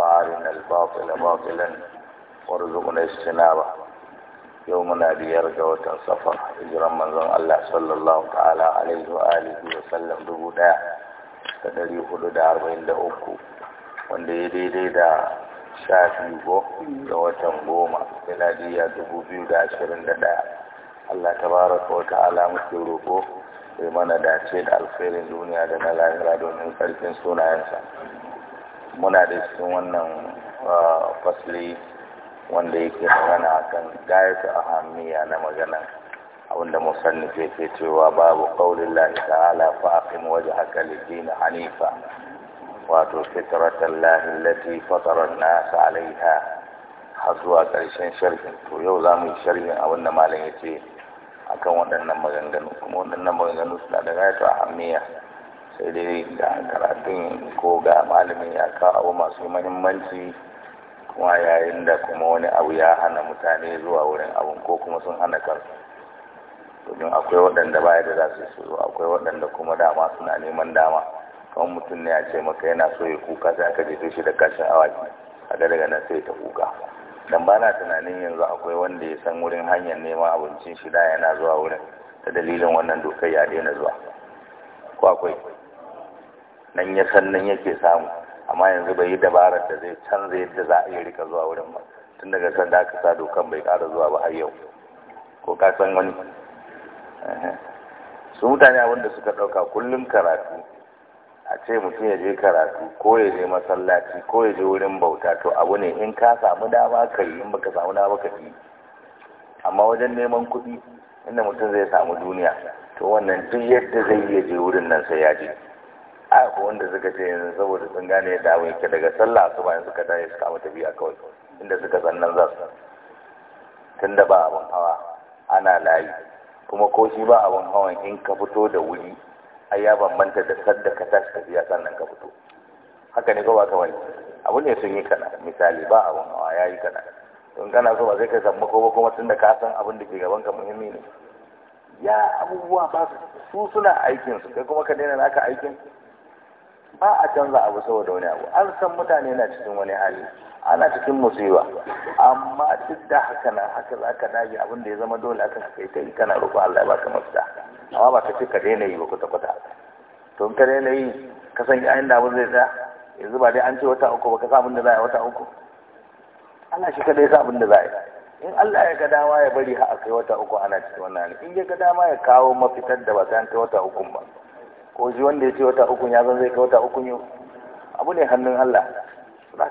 وارنا الباطل باطلا وارزقنا اجتنابه يومنا بيار جوة صفر اجرا من ذن الله صلى الله تعالى عليه وآله وسلم دبودا تدري خدود أربعين دعوكو wanda ya daidai da sha biyu ga watan goma miladiya dubu biyu da ashirin da ɗaya Allah ta baraka wa ta'ala muke roƙo bai mana dace da alfairin duniya da na lahira domin ƙarfin sunayensa muna da cikin wannan ah, fasli wanda yake magana akan gayatu ahamiya na magana abinda ke ke cewa babu qaulillahi ta'ala fa aqim wajhaka lid-din hanifa wato fitratallahi allati fatara an-nas 'alayha har zuwa ƙarshen sharhin to yau za mu yi sharhin abin da malam ya ce akan waɗannan maganganu kuma waɗannan maganganu suna da ta ahammiya sai dai ga karatun ko ga malamin ya kawo abu masu mahimmanci kuma yayin da kuma wani abu ya hana mutane zuwa wurin abun ko kuma sun hana kansu domin akwai waɗanda baya da za su zo akwai waɗanda kuma dama suna neman dama kan mutum ne ya ce maka yana so ya kuka sai aka jefe shi da kashin awaki kaga daga nan sai ta kuka dan ba na tunanin yanzu akwai wanda ya san wurin hanyar neman abincin shi da yana zuwa wurin ta dalilin wannan dokar ya daina zuwa ko akwai nan ya san nan yake samu amma yanzu bai yi dabarar da zai canza yadda za a iya rika zuwa wurin ba tun daga da aka sa dokan bai ƙara zuwa ba har yau ko ka san wani su mutane abinda suka ɗauka kullum karatu a ce mutum ya je karatu ko ya je masallaci ko ya je wurin bauta to abu ne in ka samu dama ka yi in baka samu dama ka yi amma wajen neman kuɗi inda mutum zai samu duniya to wannan duk yadda zai iya je wurin nan sai ya je a wanda suka ce yanzu saboda sun gane da abin ke daga sallah su bayan suka tashi suka tafi a kawai inda suka san nan za su tun da ba abin hawa ana layi kuma ko shi ba abin hawan in ka fito da wuri ai ya bambanta da sadda ka tashi ka biya sannan ka fito haka ne ko ba kawai abu ne sun yi kana misali ba abin hawa ya yi kana don kana so ba zai kai samu ko ba kuma tun da ka san abin da ke gaban ka muhimmi ne ya abubuwa ba su suna aikin su kai kuma ka daina naka aikin ba a canza abu saboda wani abu an san mutane na cikin wani hali ana cikin musiba amma duk da haka na haka za ka dage abin da ya zama dole akan kai ta yi kana roƙo Allah ba ka mafita amma ba ka ce ka daina yi ba kwata kwata to in ka daina yi ka san yayin da abin zai tsaya yanzu ba dai an ce wata uku ba ka sa abin da za a yi wata uku Allah shi dai sa abin da za a yi in Allah ya ga dama ya bari har a kai wata uku ana cikin wannan in ya ga dama ya kawo mafitar da ba ta wata uku ba ko wanda ya ce wata uku ya zan zai ka wata uku yau abu ne hannun Allah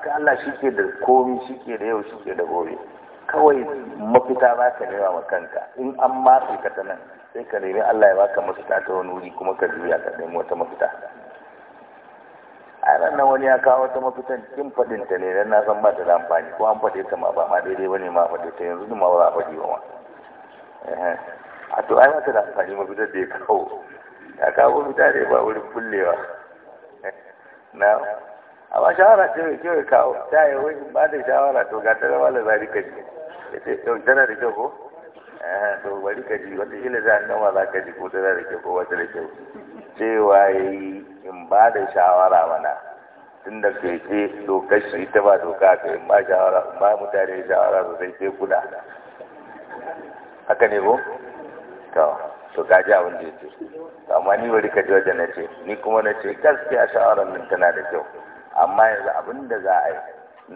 ka Allah shi ke da komi shi ke da yau shi ke da gobe kawai mafita za ka nema ma kanka in an matse ka ta nan sai ka nemi Allah ya baka mafita ta wani wuri kuma ka juya ka nemi wata mafita a ranar wani ya kawo wata mafitan kin faɗin ta ne dan na san ba ta da amfani ko an faɗe ta ma ba ma daidai ba ne ma faɗe ta yanzu ma ba a faɗi ba ma a to ai mata da amfani mafitar da ya kawo ya kawo fita ne ba wurin kullewa na amma shawara ce mai kyau kawo ta yi wani ba da shawara to ga tana wala zari ka ji ya ce yau tana da kyau ko eh, to bari ka ji wata shi ne za a nan wala ka ji ko tana da kyau ko wata da kyau cewa ya yi in ba da shawara mana tun da ke ce dokar shi ta ba doka ka in ba shawara in ba mutane shawara sosai sai kula, haka ne ko? kawo. to ka ji abin da ya ce amma ni bari ka ji wajen na ce ni kuma na ce gaskiya shawarar nan tana da kyau amma yanzu abin da za a yi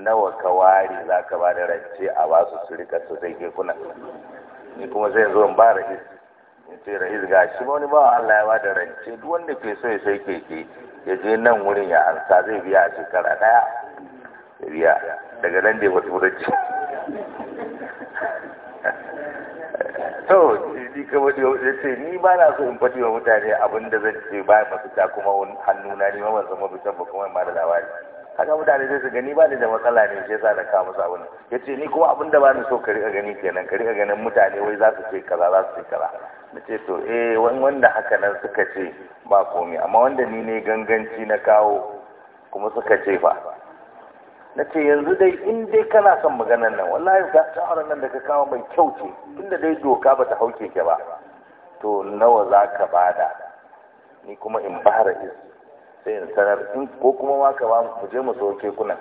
nawa ka ware za ka ba da rance a ba su su rika su zai kuna ni kuma zai zo in ba rahis in ce rahis ga shi wani bawa Allah ya ba da rance duk wanda ke so ya sai keke ya je nan wurin ya ansa zai biya a shekara daya ya biya daga nan dai wasu wurin to shi ka ya ce ni ba na so in faɗi wa mutane abin da zan ce ba fita kuma hannuna ni ma ban san ba kuma ma da labari haka mutane zai su gani ba ni da matsala ne shi yasa na kawo musu abin ya ce ni kuma abin da ba ni so ka riƙa gani kenan ka riƙa ganin mutane wai za su ce kaza za su ce kaza na ce to eh wanda haka nan suka ce ba komai amma wanda ni ne ganganci na kawo kuma suka ce fa na ce yanzu dai in dai kana son maganar nan wallahi ga shawarar nan da ka kawo mai kyau ce inda dai doka ba ta hauke ke ba to nawa za ka bada ni kuma in fara is sai in sanar in ko kuma ma ka ba mu je mu so kuna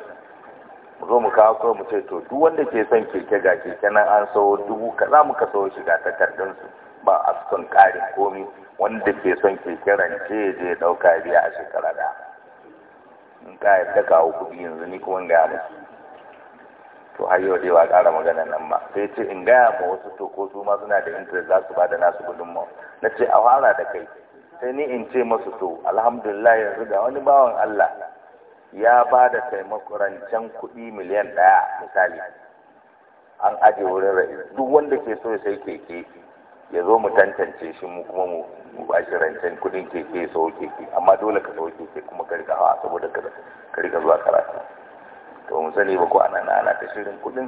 mu zo mu kawo kawai mu ce to duk wanda ke son keke ga keke nan an sawo dubu ka muka sawo ta ga takardunsu ba a son karin komi wanda ke son keke rance ya je ɗauka biya a shekara da in ka yadda kawo kuɗi yanzu ni kuma gaya musu to har yau dai ba ƙara magana nan ma sai ce in gaya ma wasu to ko su ma suna da interest za su ba da nasu gudunmawa na ce a fara da kai sai ni in ce masu to alhamdulillah yanzu ga wani bawan Allah ya ba da taimako rancen kuɗi miliyan ɗaya misali an aje wurin rai duk wanda ke so ya sai keke ya zo mu tantance shi mu kuma mu ba shi rancen kudin keke ya sau keke amma dole ka sau keke kuma ka rika hawa saboda ka rika zuwa karatu to mu sani ba ko ana na ana ta shirin kudin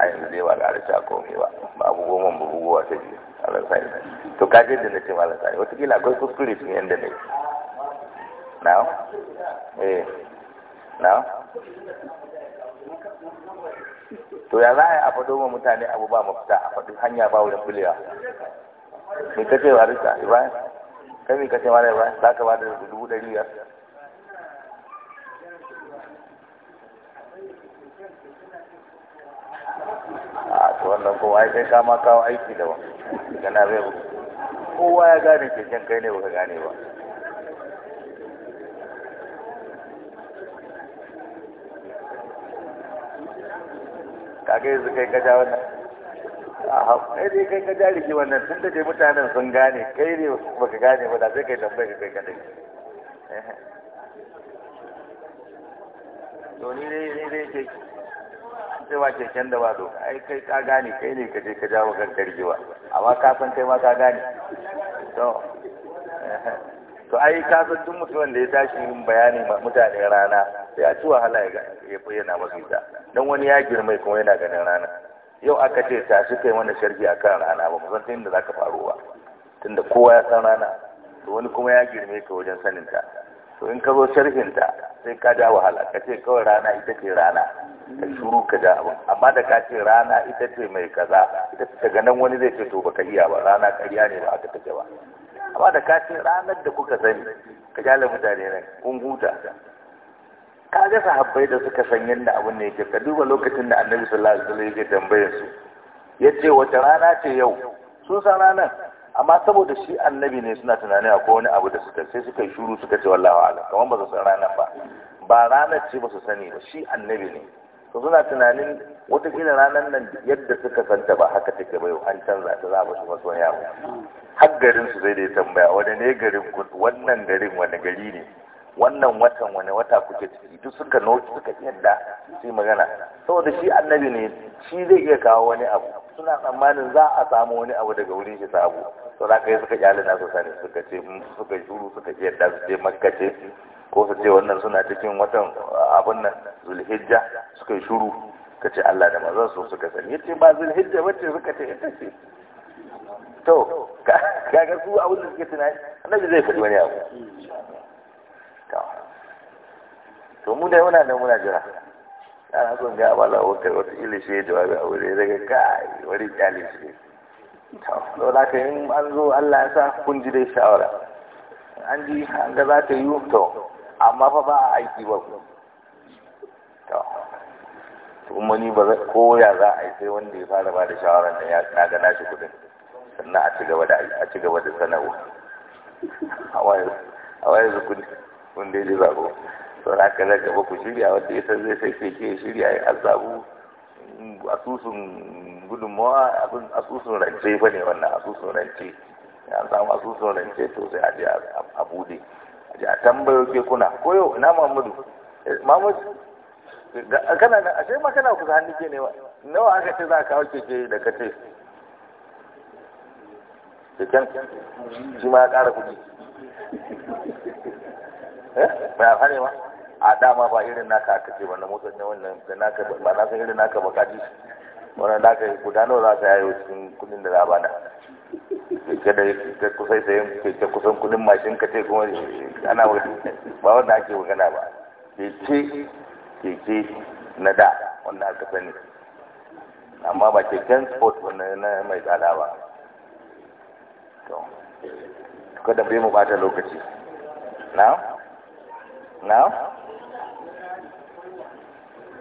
a yanzu zai ba da ta komai ba ba abubuwan goma ba buguwa ta biyu Allah sai to ka je da na ce malam sai wata kila akwai kuskure cikin yanda ne na. eh now to ya za a faɗo ma mutane abu ba mafita a faɗi hanya ba wurin bulewa mai ka ce wa rika ibrahim kai mai ka ce mara ibrahim za ka ba da dubu ɗari biyar a to wannan kowa ya kai kama kawo aiki da wa gana bai kowa ya gane keken kai ne ba ka gane ba kaga yanzu kai ka ja wannan kai dai kai ka ja rigi wannan tun da dai mutanen sun gane kai ne baka gane ba da sai kai tambayar kai kadai eh. to ni dai ni dai ke cewa keken da ba doka ai kai ka gane kai ne ka je ka jawo kanka rigewa amma ka san kai ma ka gane to eh. to ai ka san duk mutuwan da ya tashi yin bayani ma mutane rana sai a ci wahala ya bayyana masu ita don wani ya girma kuma yana ganin rana yau aka ce shi kai mana sharhi akan rana ba musan inda zaka faru ba tunda kowa ya san rana to wani kuma ya girme ka wajen sanin ta to in ka zo sharhin ta sai ka ja wahala ka ce kawai rana ita ce rana ka shuru ka ja abin amma da ka ce rana ita ce mai kaza ita ce daga nan wani zai ce to baka iya ba rana karya ne ba aka take ba amma da ka ce ranar da kuka sani ka jala mutane nan kun huta ka sahabbai da suka san yadda abin ne yake ka duba lokacin da annabi sallallahu alaihi wasallam yake tambayar su yace wata rana ce yau sun san ranar amma saboda shi annabi ne suna tunanin a wani abu da suka sai suka yi shuru suka ce wallahi ala kamar ba su san ranar ba ba ranar ce ba su sani ba shi annabi ne to suna tunanin wata gina ranar nan yadda suka santa ba haka take bai an canza ta za a basu masu wani abu har garin su zai da ya tambaya wani ne garin wannan garin wani gari ne wannan watan wani wata kuke ciki duk suka noki suka yadda su magana saboda shi annabi ne shi zai iya kawo wani abu suna tsammanin za a samu wani abu daga wurin shi sabo to za ka yi suka kyalina su sani suka ce mm, suka shuru suka yadda su ce makka ce ko su ce wannan suna cikin watan abun nan zulhijja suka yi shuru ka ce Allah da mazan su suka sani yace ba zulhijja wacce suka ce ita ce to kaga su abun da suke tunani annabi zai faɗi wani abu to mu dai muna nan muna jira ana son ga wala wakar wata ili shi jawabi a wuri daga kai wani kyali shi ne to da ka yin an zo Allah ya sa kun ji dai shawara an ji an ga za ta yi to amma fa ba a aiki ba ku to kuma ni ba za ko ya za a yi sai wanda ya fara ba da shawarar da ya kaga nashi kudin sannan a ci gaba da a ci gaba da sanarwa a wayar kun kun dai ji zabo saura ka gaba ku shirya wanda ya san zai sai ke shirya ya azabu asusun gudunmawa abin asusun rance ba ne wannan asusun rance ya samu asusun rance to sai a je a bude a je a tambayo ke kuna koyo ina Muhammadu. Eh, mahmudu kana nan ashe ma kana kusa hannu ke ne ba nawa aka ce za a kawo keke da ka ce keken shi ma ya ƙara kuɗi eh ba ya fare ma a dama ba irin naka ka ce wannan motsin ne wannan da naka ba na san irin naka ba ka ji wannan naka guda nawa za ta yayo cikin kudin da za a bada keke da ta kusa sayan keke kusan kudin mashin ka ce kuma ana ba wanda ake magana ba ke ce na da wanda aka sani amma ba ken sport wanda na mai tsada ba to kada bai mu bata lokaci na na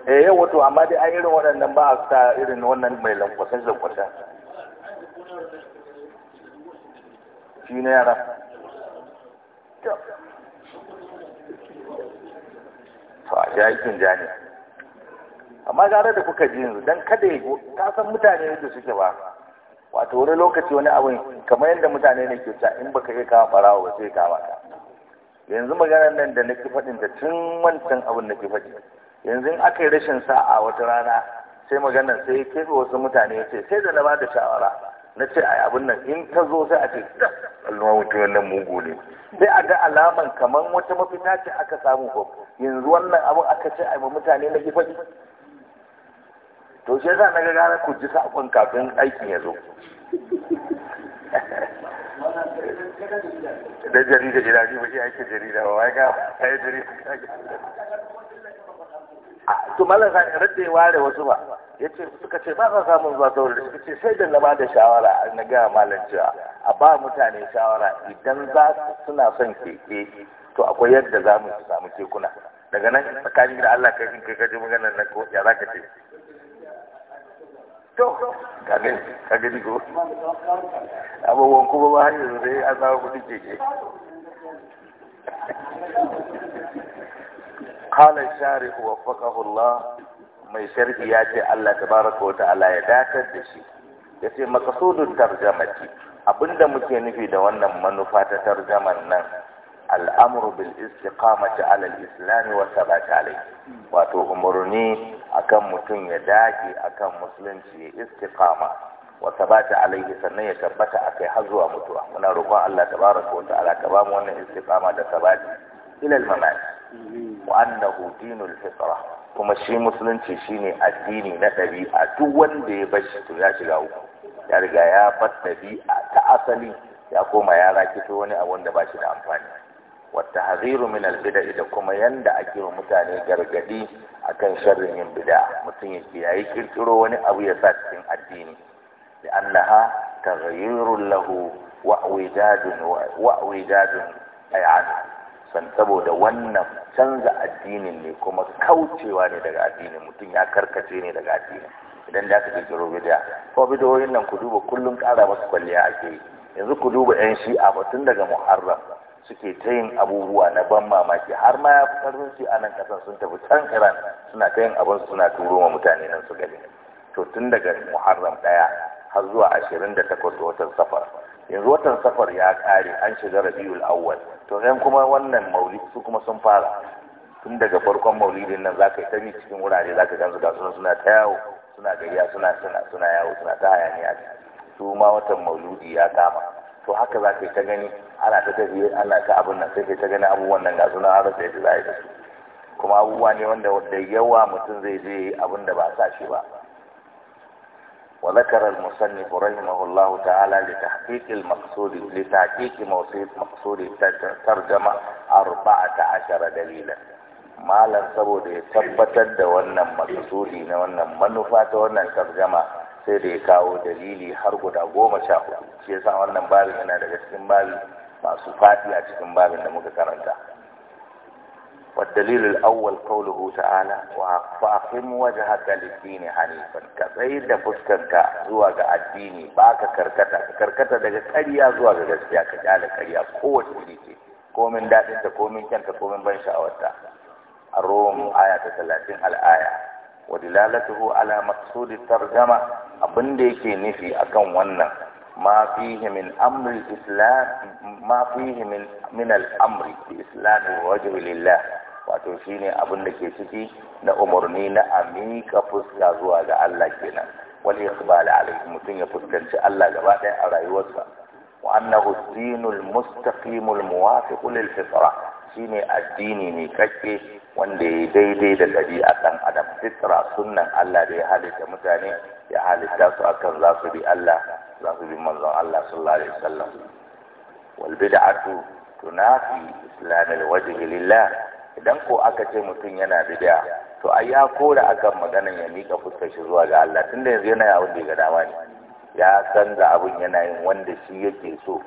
eh yau wato amma dai an irin waɗannan ba a sa irin wannan mai lankwasan lankwashen shi na yara to a ja ikin ja ne amma gara da kuka ji yanzu don kada ya ka san mutane yadda suke ba wato wani lokaci wani abin kamar yadda mutane ne ke ta in baka iya kama farawa ba sai kama ka yanzu maganar nan da nake faɗin da tun wancan abin na nake faɗi yanzu in aka yi rashin sa'a wata rana sai maganar sai ya kefe wasu mutane ya ce sai da na ba da shawara na ce a abin nan in ta zo sai a ce Allah mutu wannan mugu ne sai a ga alaman kamar wata mafita ce aka samu ko yanzu wannan abin aka ce a mutane na gifaɗi to shi yasa na ga gara ku ji sakon kafin aikin ya zo da jarida jirage ba shi aikin jarida ba wai ga yi jarida to malam radda ya ware wasu ba ya ce suka ce ba sa samun zuwa da suka ce sai da na da shawara na gaya malam cewa a ba mutane shawara idan za suna son keke to akwai yadda za mu samu kekuna daga nan tsakanin da Allah kai in kai kaji maganar na ko ya zaka ka ce to kage kage ko abubuwan kuma ba hanyar zai an zama kudi keke qala sharih waffaqahu mai sharhi ya ce Allah tabaraka wa ta'ala ya datar da shi yace maqsudut tarjamati abinda muke nufi da wannan manufa ta tarjaman nan al'amur bil istiqamati ala al-islam wa thabat wato umurni akan mutum ya dage akan musulunci ya istiqama wa thabat alayhi sannan ya tabbata akai har zuwa mutuwa muna roƙon Allah tabaraka wa ta'ala ka ba mu wannan istiqama da thabati ila al wa annahu dinul fitra kuma shi musulunci shine addini na ɗabi'a duk wanda ya bashi to ya shiga uku ya riga ya ɗabi'a ta asali ya koma yara rakito wani abu wanda ba shi da amfani wata haziru min albida da kuma yanda ake wa mutane gargadi a kan sharrin yin bida mutum ya kiyaye kirkiro wani abu ya sa cikin addini da annaha taghayyurun lahu wa awijadun wa awijadun san saboda wannan canza addinin ne kuma kaucewa ne daga addinin mutum ya karkace ne daga addinin idan da aka kirkiro bidiya ko bidiyoyin nan ku duba kullum ƙara masu kwalliya ake yi yanzu ku duba yan shi'a batun daga muharram suke ta yin abubuwa na ban mamaki har ma ya fi karfin shi a nan kasan sun tafi can iran suna ta yin abin suna turo ma mutane nan su gani to tun daga muharram ɗaya har zuwa ashirin da takwas watan safar yanzu watan safar ya kare an shiga rabiul awwal to yan kuma wannan maulid su kuma sun fara tun daga farkon maulidin nan zaka yi tani cikin wurare zaka gansu ga suna suna ta yawo suna gayya suna suna suna yawo suna ta hayaniya su ma watan maulidi ya kama to haka za ka yi ta gani ana ta tafiye ana ta abin nan sai ka ta gani abubuwan nan ga suna har sai da za a yi da su kuma abubuwa ne wanda da yawa mutum zai je abin da ba sa shi ba وذكر المصنف رحمه الله تعالى لتحقيق المقصود لتحقيق مقصود الترجمة أربعة عشر دليلا malam saboda ya tabbatar da wannan maksudi na wannan manufa ta wannan tarjama sai da ya kawo dalili har guda goma sha hudu shi yasa wannan babin yana daga cikin babi masu fadi a cikin babin da muka karanta والدليل الأول قوله تعالى فأقم وجهك للدين حنيفا كسيد فسكنك زواج الدين باك كركتا كركتا دك كريا زواج جسيا كجال كريا قوة بليتي كومن داتنت كومن كنت كومن بن شاوتا الروم آية 30 الآية ودلالته على مقصود الترجمة أبن ديكي نفي أكون ونن ما فيه من أمر الإسلام ما فيه من من الأمر بإسلام الوجه لله wato shine abin da ke ciki na umarni na amika fuska zuwa ga Allah kenan wal da alaihi mutum ya fuskanci Allah gaba ɗaya a rayuwarsa wa annahu dinul mustaqimul muwafiq lil fitra shine addini ne kake, wanda ya daidai da ɗabi'a ɗan adam fitra sunnan Allah da ya halitta mutane ya halitta su akan za su bi Allah za su bi manzon Allah sallallahu alaihi wasallam wal bid'atu tunafi islam lillah idan ko aka ce mutum yana bid'a to ai ya kora akan magana ya mika fuskar shi zuwa ga Allah tunda yanzu yana yawon da ga dama ne ya san da abun yana yin wanda shi yake so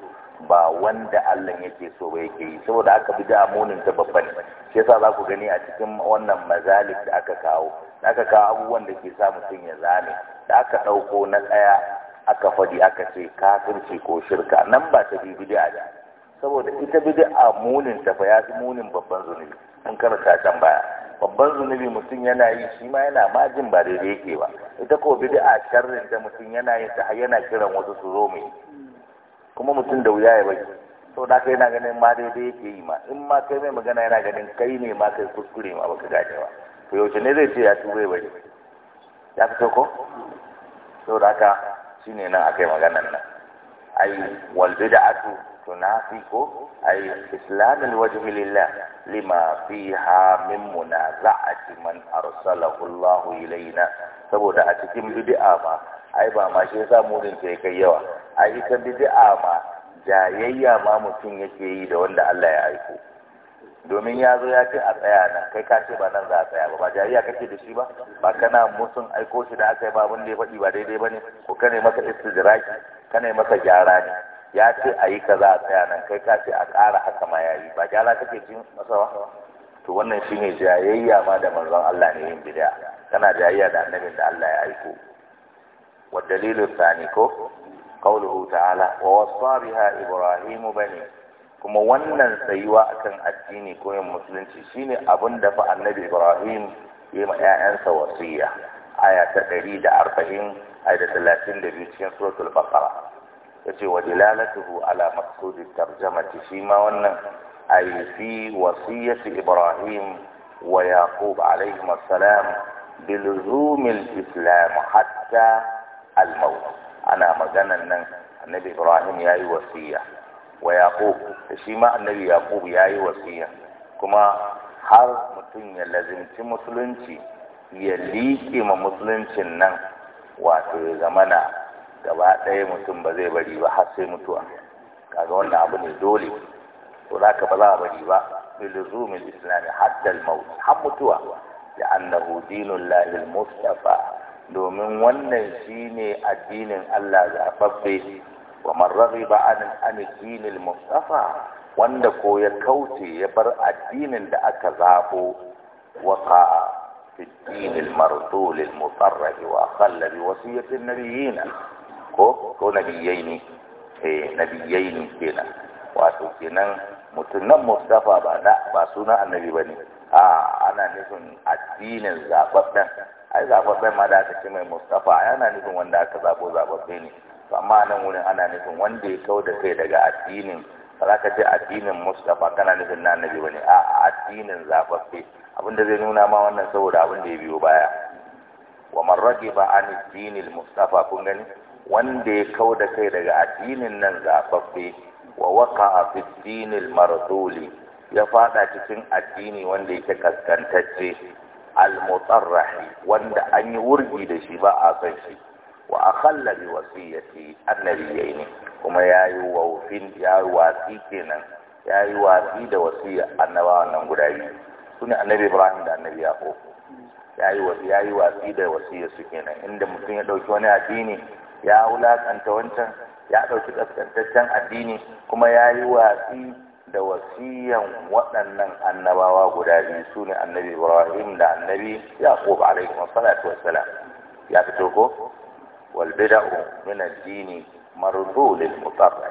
ba wanda Allah yake so ba yake yi saboda aka bi da amunin ta babba ne shi yasa za ku gani a cikin wannan mazalik da aka kawo da aka kawo abubuwan da ke sa mutum ya zane da aka ɗauko na ɗaya aka fadi aka ce kafirci ko shirka nan ba ta bi bid'a saboda ita bid'a munin ta fa ya munin babban zunubi mun karanta can baya babban zunubi mutum yana yi shi ma yana ma jin ba daidai yake ba ita ko bi da sharrin da mutum yana yi ta yana kiran wasu su zo mu kuma mutum da wuya ya bai to da kai yana ganin ma daidai yake yi ma in ma kai mai magana yana ganin kai ne ma kai kuskure ma baka gane ba to yaushe ne zai ce ya tuba ya bari ya fito ko to da shi shine nan akai maganan nan ai wal bid'atu tunafiku ko ay islam alwajh lillah lima fiha min munaza'ati man arsalahu Allah ilaina saboda a cikin bid'a ma ai ba ma shi yasa mudin sai kai yawa ai ita bid'a ma jayayya ma mutum yake yi da wanda Allah ya aiko domin ya zo ya ce a tsaya na, kai ka ce ba nan za a tsaya ba ba jayayya kake da shi ba ba kana musun aiko shi da aka yi ba abin da ya faɗi ba daidai ba ne ko ka ne masa istidraki ka ne masa gyara ne ya ce a yi kaza a tsaya nan kai ka ce a ƙara haka ma ya yi ba gyara kake jin masa ba to wannan shine jayayya ma da manzon Allah ne yin bid'a kana jayayya da annabin da Allah ya aiko wa dalilu tsani ko qawluhu ta'ala wa wasa biha ibrahimu bani kuma wannan tsayuwa akan addini ko yin musulunci shine abin da fa annabi ibrahim ya ma ƴaƴansa wasiya aya ta 140 aya ta 32 cikin suratul baqara ce wa dilalatuhu ala maqsudi tarjamati shi ma wannan ay fi wasiyati ibrahim wa yaqub alayhi assalam bilzum islam hatta al-maut ana maganan nan annabi ibrahim yayi wasiya wa yaqub shi ma annabi yaqub yayi wasiya kuma har mutum ya lazimci musulunci ya liƙe ma musuluncin nan wato ya zamana gaba ɗaya mutum ba zai bari ba har sai mutuwa kaga wannan abu ne dole to za ka ba za a bari ba بلزوم الإسلام حتى الموت حق توا لأنه دين الله mustafa domin wannan shine addinin Allah zaɓaɓɓe wa man ba an an dinil mustafa wanda ko ya kauce ya bar addinin da aka zabo wa fi في الدين المرسول المصرح wa بوصية النبيين ko ko nabiyai ne eh nabiyai ne kenan wato kenan mutum nan mustafa ba na ba suna annabi bane a ana nufin addinin zababben ai zababben ma da aka mai mustafa ana nufin wanda aka zabo zababbe ne amma nan wurin ana nufin wanda ya kau da kai daga addinin ba ka ce addinin mustafa kana nufin na annabi bane a addinin zababbe abinda zai nuna ma wannan saboda abin da ya biyo baya wa man ragiba an addinil mustafa kun gani wanda ya kau da kai daga addinin nan zaɓaɓɓe wa waka a fiddinil maradoli ya fada cikin addini wanda yake kaskantacce al wanda an yi wurgi da shi ba a san shi wa a kalla bi yi ne kuma ya yayi ya yi wasi kenan ya yi wasi da wasiya annaba nan guda biyu ne annabi Ibrahim da annabi ya yayi wasi yayi wasi da wasiyar su kenan inda mutum ya dauki wani addini ya wulaƙanta wancan ya ɗauki ƙasƙantaccen addini kuma ya yi watsi da wasiyan waɗannan annabawa guda biyu su ne annabi ibrahim da annabi yaqub alaihi salatu wassalam ya fito ko wal bid'u min ad-dini mardu lil mutaqqi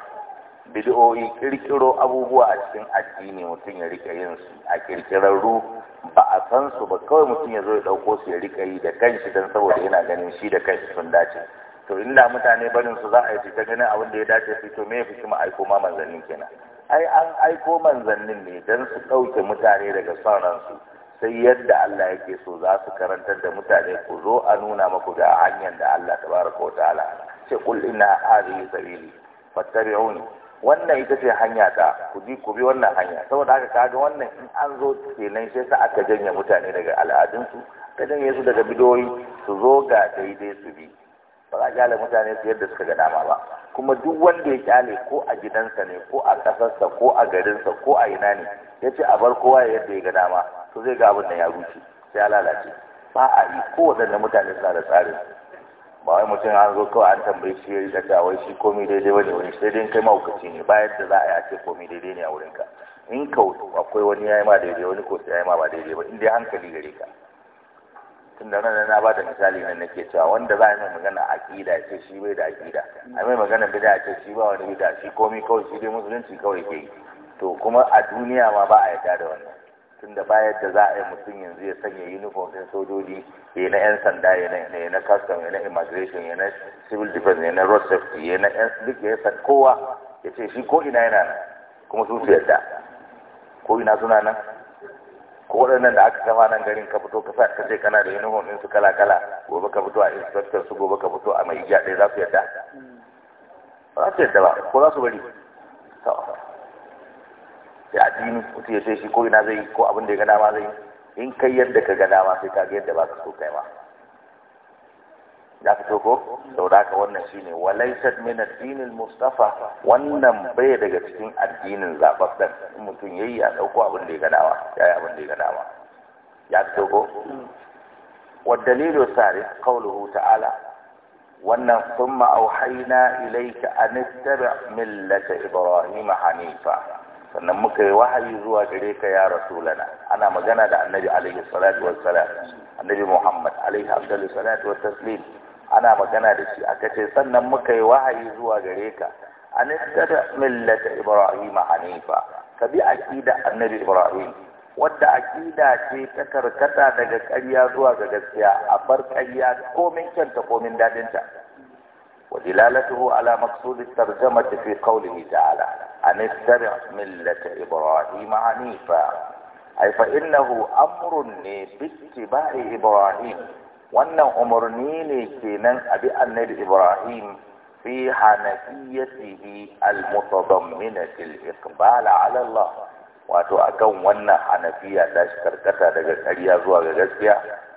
bid'o'i kirkiro abubuwa a cikin addini mutum ya rika yin su a kirkirarru ba a san su ba kawai mutum ya zo ya dauko su ya rika yi da kanshi dan saboda yana ganin shi da kanshi sun dace to inda mutane barin su za a yi fita ganin abin da ya dace su to me ya fi kuma aiko ma manzannin kenan ai an aiko manzannin ne dan su dauke mutane daga sauran su, sai yadda Allah yake so za su karantar da mutane ku zo a nuna muku ga hanyar da Allah tabaraka wa ta'ala ce kul inna hadhihi sabili fattabi'uni wannan ita ce hanya ta ku ji ku bi wannan hanya saboda haka kaga wannan in an zo kenan sai sa aka janye mutane daga al'adunsu aka janye su daga bidoyi su zo ga daidai su bi ba za a kyale mutane su yadda suka ga dama ba kuma duk wanda ya kyale ko a gidansa ne ko a ƙasarsa ko a garinsa ko a ina ne ya ce a bar kowa ya yadda ya ga dama to zai ga abin da ya rushe sai ya lalace ba a yi ko waɗanda mutane suna da tsarin ba wai mutum an zo kawai an tambayi shi ya riga da wai shi komai daidai wani wani sai dai kai mahaukaci ne bayan da za a yi a ce komai daidai ne a wurinka in ka akwai wani ya yi ma daidai wani ko sai ya yi ma ba daidai ba in dai hankali gare ka tun da nan na bada misali nan nake cewa wanda za a mai magana aƙida ce shi bai da aƙida a mai magana bida ce shi ba wani bida shi komai kawai shi dai musulunci kawai ke yi to kuma a duniya ma ba a yarda da wannan tun da bayar da za a yi mutum yanzu ya sanya uniform ɗin sojoji ya na 'yan sanda ya na custom ya na immigration ya na civil defense ya na road safety ya na duk ya san kowa ya ce shi ko ina yana nan kuma su su yarda ko ina suna nan ko waɗannan da aka kama nan garin ka fito ka sa ka ce kana da uniform ɗin su kala kala gobe ka fito a inspector su gobe ka fito a mai igiya ɗaya za su yadda ba za su yadda ba ko za su bari sai addini mutum ya ce shi ko ina zai ko abin da ya ga dama zai in kai yadda ka ga dama sai ka ga yadda ba ka so kai ma ya fito ko saboda da wannan shine walaysat min ad-din al mustafa wannan bai daga cikin addinin zababben in mutum yayi ya dauko abin da ya ga dawa yayi abin da ya ga dawa ya fito ko wa dalilu sari qawluhu ta'ala wannan thumma awhayna ilayka an ittabi' millata ibrahima hanifa sannan muka yi wahayi zuwa gare ka ya rasulana ana magana da annabi alaihi salatu wassalam annabi Muhammad alaihi afdalu salatu wa taslim ana magana da shi aka ce sannan muka yi wahayi zuwa gare ka an istada millata ibrahim hanifa ka bi aqida annabi ibrahim wadda aqida ce ta karkata daga ƙarya zuwa ga gaskiya a bar ƙarya komin kyanta komin dadin ta wa dilalatuhu ala maqsud at-tarjamati fi qawlihi ta'ala an istada millata ibrahim hanifa ai fa innahu amrun ne bittiba'i ibrahim wannan umarni ne kenan abi annabi ibrahim fi hanafiyatihi al-mutadamminati iqbal ala Allah wato akan wannan hanafiya ta shi karkata daga ƙarya zuwa ga gaskiya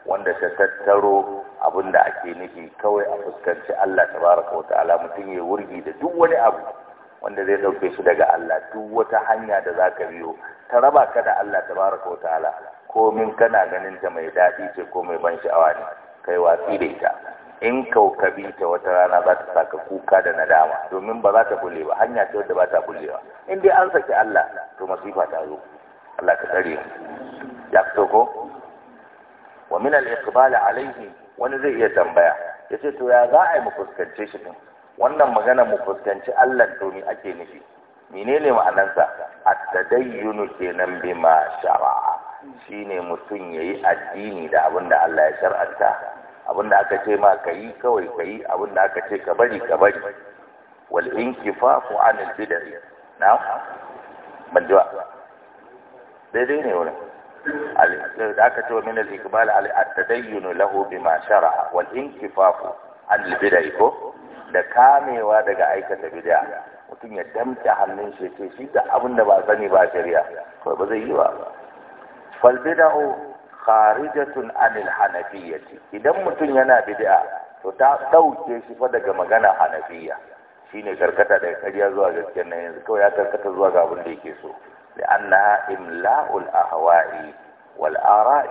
wanda ta tattaro abinda ake nufi kawai a fuskanci Allah tabaraka wa ta'ala mutum ya wurgi da duk wani abu wanda zai dauke shi daga Allah duk wata hanya da zaka biyo ta raba ka da Allah Ta tabaraka ko komin kana ganin ta mai daɗi ce ko mai ban sha'awa ne kai watsi da ita in kaukabi ta wata rana za ta saka kuka da nadama domin ba za ta bulle ba hanya ce wadda ba ta bullewa in dai an saki Allah to masifa ta zo Allah ka tsare ya fito ko wa min al-iqbal alayhi wani zai iya tambaya yace to ya za a yi mu fuskance shi din wannan magana mu fuskanci Allah to ake nufi menene ma'anarsa a tadayyunu kenan ma shara'a shine mutum yayi addini da abin da Allah ya shar'anta abin da aka ce ma kayi kawai kayi abin da aka ce ka bari ka bari wal inkifafu anil bid'ah na banjuwa daidai ne Da aka ce wa min al-iqbal al at-tadayyun lahu ma shara'a wal inkifafu anil bid'ah ko da kamewa daga aikata bid'ah mutum ya damta hannun shi ce shi da abin da ba sani ba shari'a kawai ba zai yi ba falbida'u kharijatun anil hanafiyyati idan mutum yana bid'a to ta ɗauke shi fa daga magana hanafiyya shine karkata daga kariya zuwa gaskiyar nan yanzu kawai ya karkata zuwa ga abin da yake so da annaha imla'ul ahwa'i wal ara'i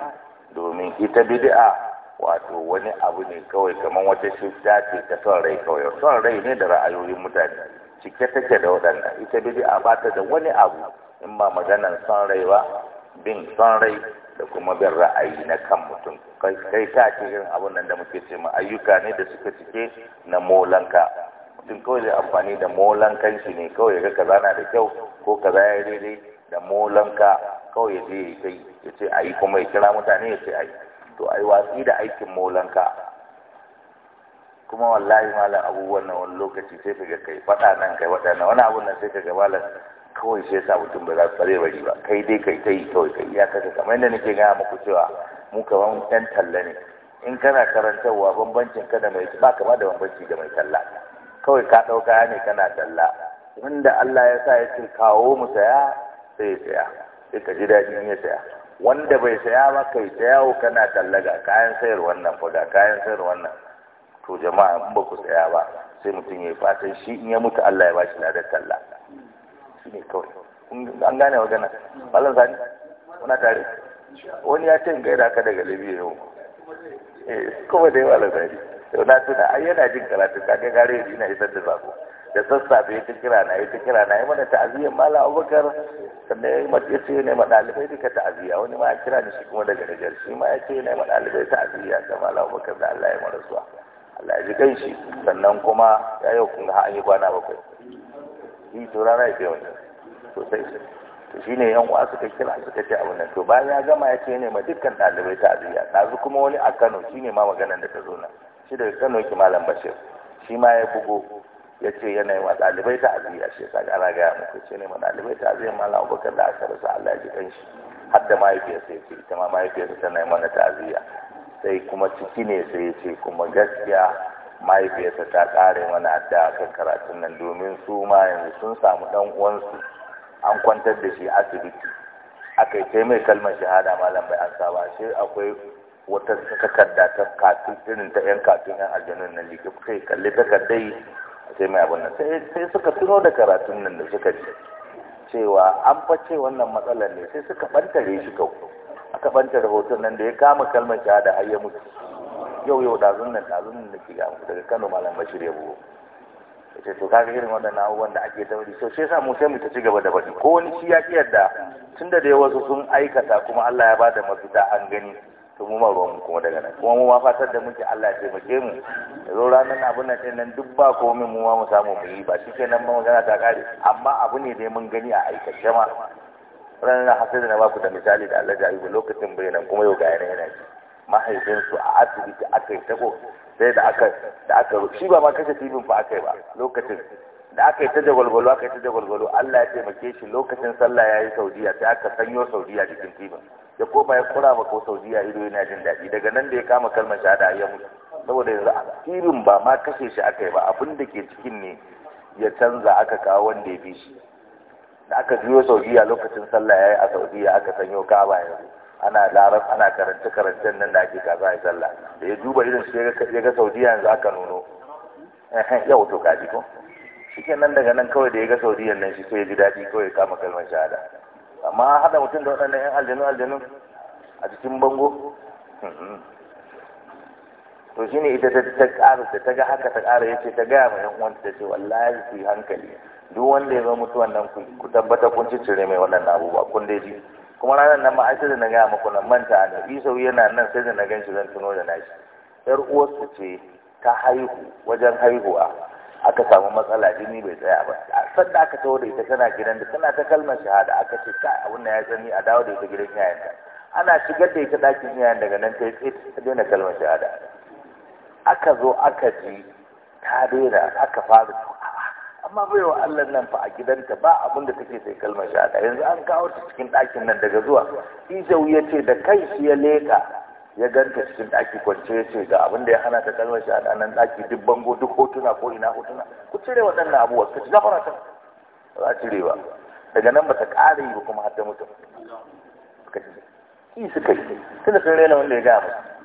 domin ita bid'a wato wani abu ne kawai kamar wata shifta ce ta son rai kawai son rai ne da ra'ayoyin mutane cike take da waɗannan ita bid'a a bata da wani abu in ba maganar son rai ba bin son rai da kuma bin ra'ayi na kan mutum kai ta irin abun nan da muke ce ma ayyuka ne da suka cike na molanka mutum kawai zai amfani da molankan shi ne kawai ga kaza na da kyau ko kaza ya daidai da molanka kawai ya je ya ce ayi kuma ya kira mutane ya ce ayi. to ai watsi da aikin molanka kuma wallahi malam abubuwan na wani lokaci sai ka ga kai faɗa nan kai faɗa nan wani abun nan sai ka ga malam kawai sai sa mutum ba za su tsare bari ba kai dai kai ta yi kawai kai ya kasa kamar yadda nake gaya muku cewa mu kaman ɗan talla ne in kana karantarwa bambancin ka da mai ba ka ba da bambanci da mai talla kawai ka ɗauka ne kana talla wanda Allah ya sa ya ce kawo mu saya sai ya saya sai ka ji daɗin ya saya wanda bai saya ba kai ta yawo kana talla ga kayan sayar wannan fa ga kayan sayar wannan to jama'a in ba ku tsaya ba sai mutum ya yi fatan shi in ya mutu Allah ya ba shi ladar talla shi ne kawai an gane magana malam sani wani tare wani ya ce in gaida ka daga libya yau eh, kuma dai malam sani yau na tuna ai yana jin karatu ga gare yana isar da sako da sassafe ya ta kira na ya ta kira na ya mana ta'aziyyar malam abubakar sannan ya yi mata ya ce ne maɗalibai duka ta'aziyya wani ma ya kira ni shi kuma daga Nijar shi ma ya ce ne maɗalibai ta'aziyya ga malam abubakar da Allah ya marasuwa Allah ji kai shi sannan kuma ya yau kun ga an yi kwana bakwai yi to rana ya biya sosai to shi ne yan uwa suka kira suka ce abin nan to bayan ya gama ya ce ne ma dukkan ɗalibai ta aziya ɗazu kuma wani a Kano shi ne ma maganar da ta zo nan shi daga Kano yake malam Bashir shi ma ya bugo ya ce yanayin wa ɗalibai ta aziya shi sa ana gaya muku ce ne ma ɗalibai ta aziya malam Abubakar da aka rasa Allah ya ji kanshi har da mahaifiyarsa ya ce ita ma mahaifiyarsa tana yi mana ta aziya sai kuma ciki ne sai ya ce kuma gaskiya mahaifiyarsa ta ƙare mana da a kan karatun nan domin su ma yanzu sun samu ɗan uwansu an kwantar da shi asibiti aka yi mai kalmar shahada malam bai an saba shi akwai wata takarda ta katun irin ta yan katun yan aljanun nan kuka yi kalli takardai sai mai abin nan sai suka tuno da karatun nan da suka ce cewa an face wannan matsalar ne sai suka ɓantare shi kawai a kafanta da hoton nan da ya kama kalmar shahada har ya mutu yau yau da nan da nan da ke mutu daga kano malam bashir ya buwo ya ce to kaga irin waɗannan abubuwan da ake tauri so shi yasa mu sai mu ta ci gaba da baki ko wani shi ya yarda tun da dai wasu sun aikata kuma Allah ya bada mafita an gani to mu ma ruwan kuma daga nan kuma mu ma fatar da muke Allah ya taimake mu da zo ranar abin nan ɗin nan duk ba komai mu ma mu samu mu yi ba shi kenan ba magana ta kare amma abu ne dai mun gani a aikace ma ranar hasar da na baku da misali da Allah ba lokacin bayanan kuma yau ga yanayi mahaifinsu a asibiti aka yi tako sai da aka da aka shi ba ma kashe tibin ba aka yi ba lokacin da aka yi ta jagwalgwalo aka yi ta jagwalgwalo Allah ya taimake shi lokacin sallah ya yi saudiya sai aka sanyo saudiya cikin tibin ya koma ya kura ma ko saudiya ido yana jin daɗi daga nan da ya kama kalmar shahada ya mutu saboda yanzu tibin ba ma kashe shi aka yi ba abin da ke cikin ne ya canza aka kawo wanda ya bi shi da aka juyo saudiya lokacin sallah ya yi a saudiya aka sanyo kaba yanzu ana laras ana karance karancen nan da ake kaza ya sallah da ya duba irin su ya ga saudiya yanzu aka nuno eh, yau to kaji ko shike nan daga nan kawai da ya ga saudiya nan shi sai ya ji daɗi kawai kama kalmar shahada amma haɗa mutum da waɗannan yan aljanu aljanu a cikin bango to shine ita ta ƙara da ta ga haka ta ƙara ya ce ta gaya ma yan uwanta ta ce wallahi su yi hankali duk wanda ya zo mutuwan nan ku tabbata kun cire mai wannan abubuwa kun dai ji kuma ranar nan ma da na gaya muku nan manta ne isau yana nan sai da na gan shi zan tuno da nashi yar uwarsu ce ta haihu wajen haihuwa aka samu matsala jini bai tsaya ba a san da aka taho da ita tana gidan da tana ta kalmar shahada aka ce ka abin da ya tsani a dawo da ita gidan yayanta ana shigar da ita dakin yayan daga nan ta yi tsit ta daina kalmar shahada aka zo aka ji ta daina aka fara amma bai wa Allah nan fa a gidanta ba abin da take sai kalmar shahada yanzu an kawo ta cikin ɗakin nan daga zuwa ijau ya ce da kai shi ya leka ya ganta cikin ɗaki kwance ya ce ga abin da ya hana ta kalmar shahada nan ɗaki duk bango duk hotuna ko ina hotuna ku cire waɗannan abubuwa ka ci gafara ta ba za cire ba daga nan ba ta ƙara yi ba kuma har ta mutu suka ci suka yi tunda sun rena wanda ya gaya ba.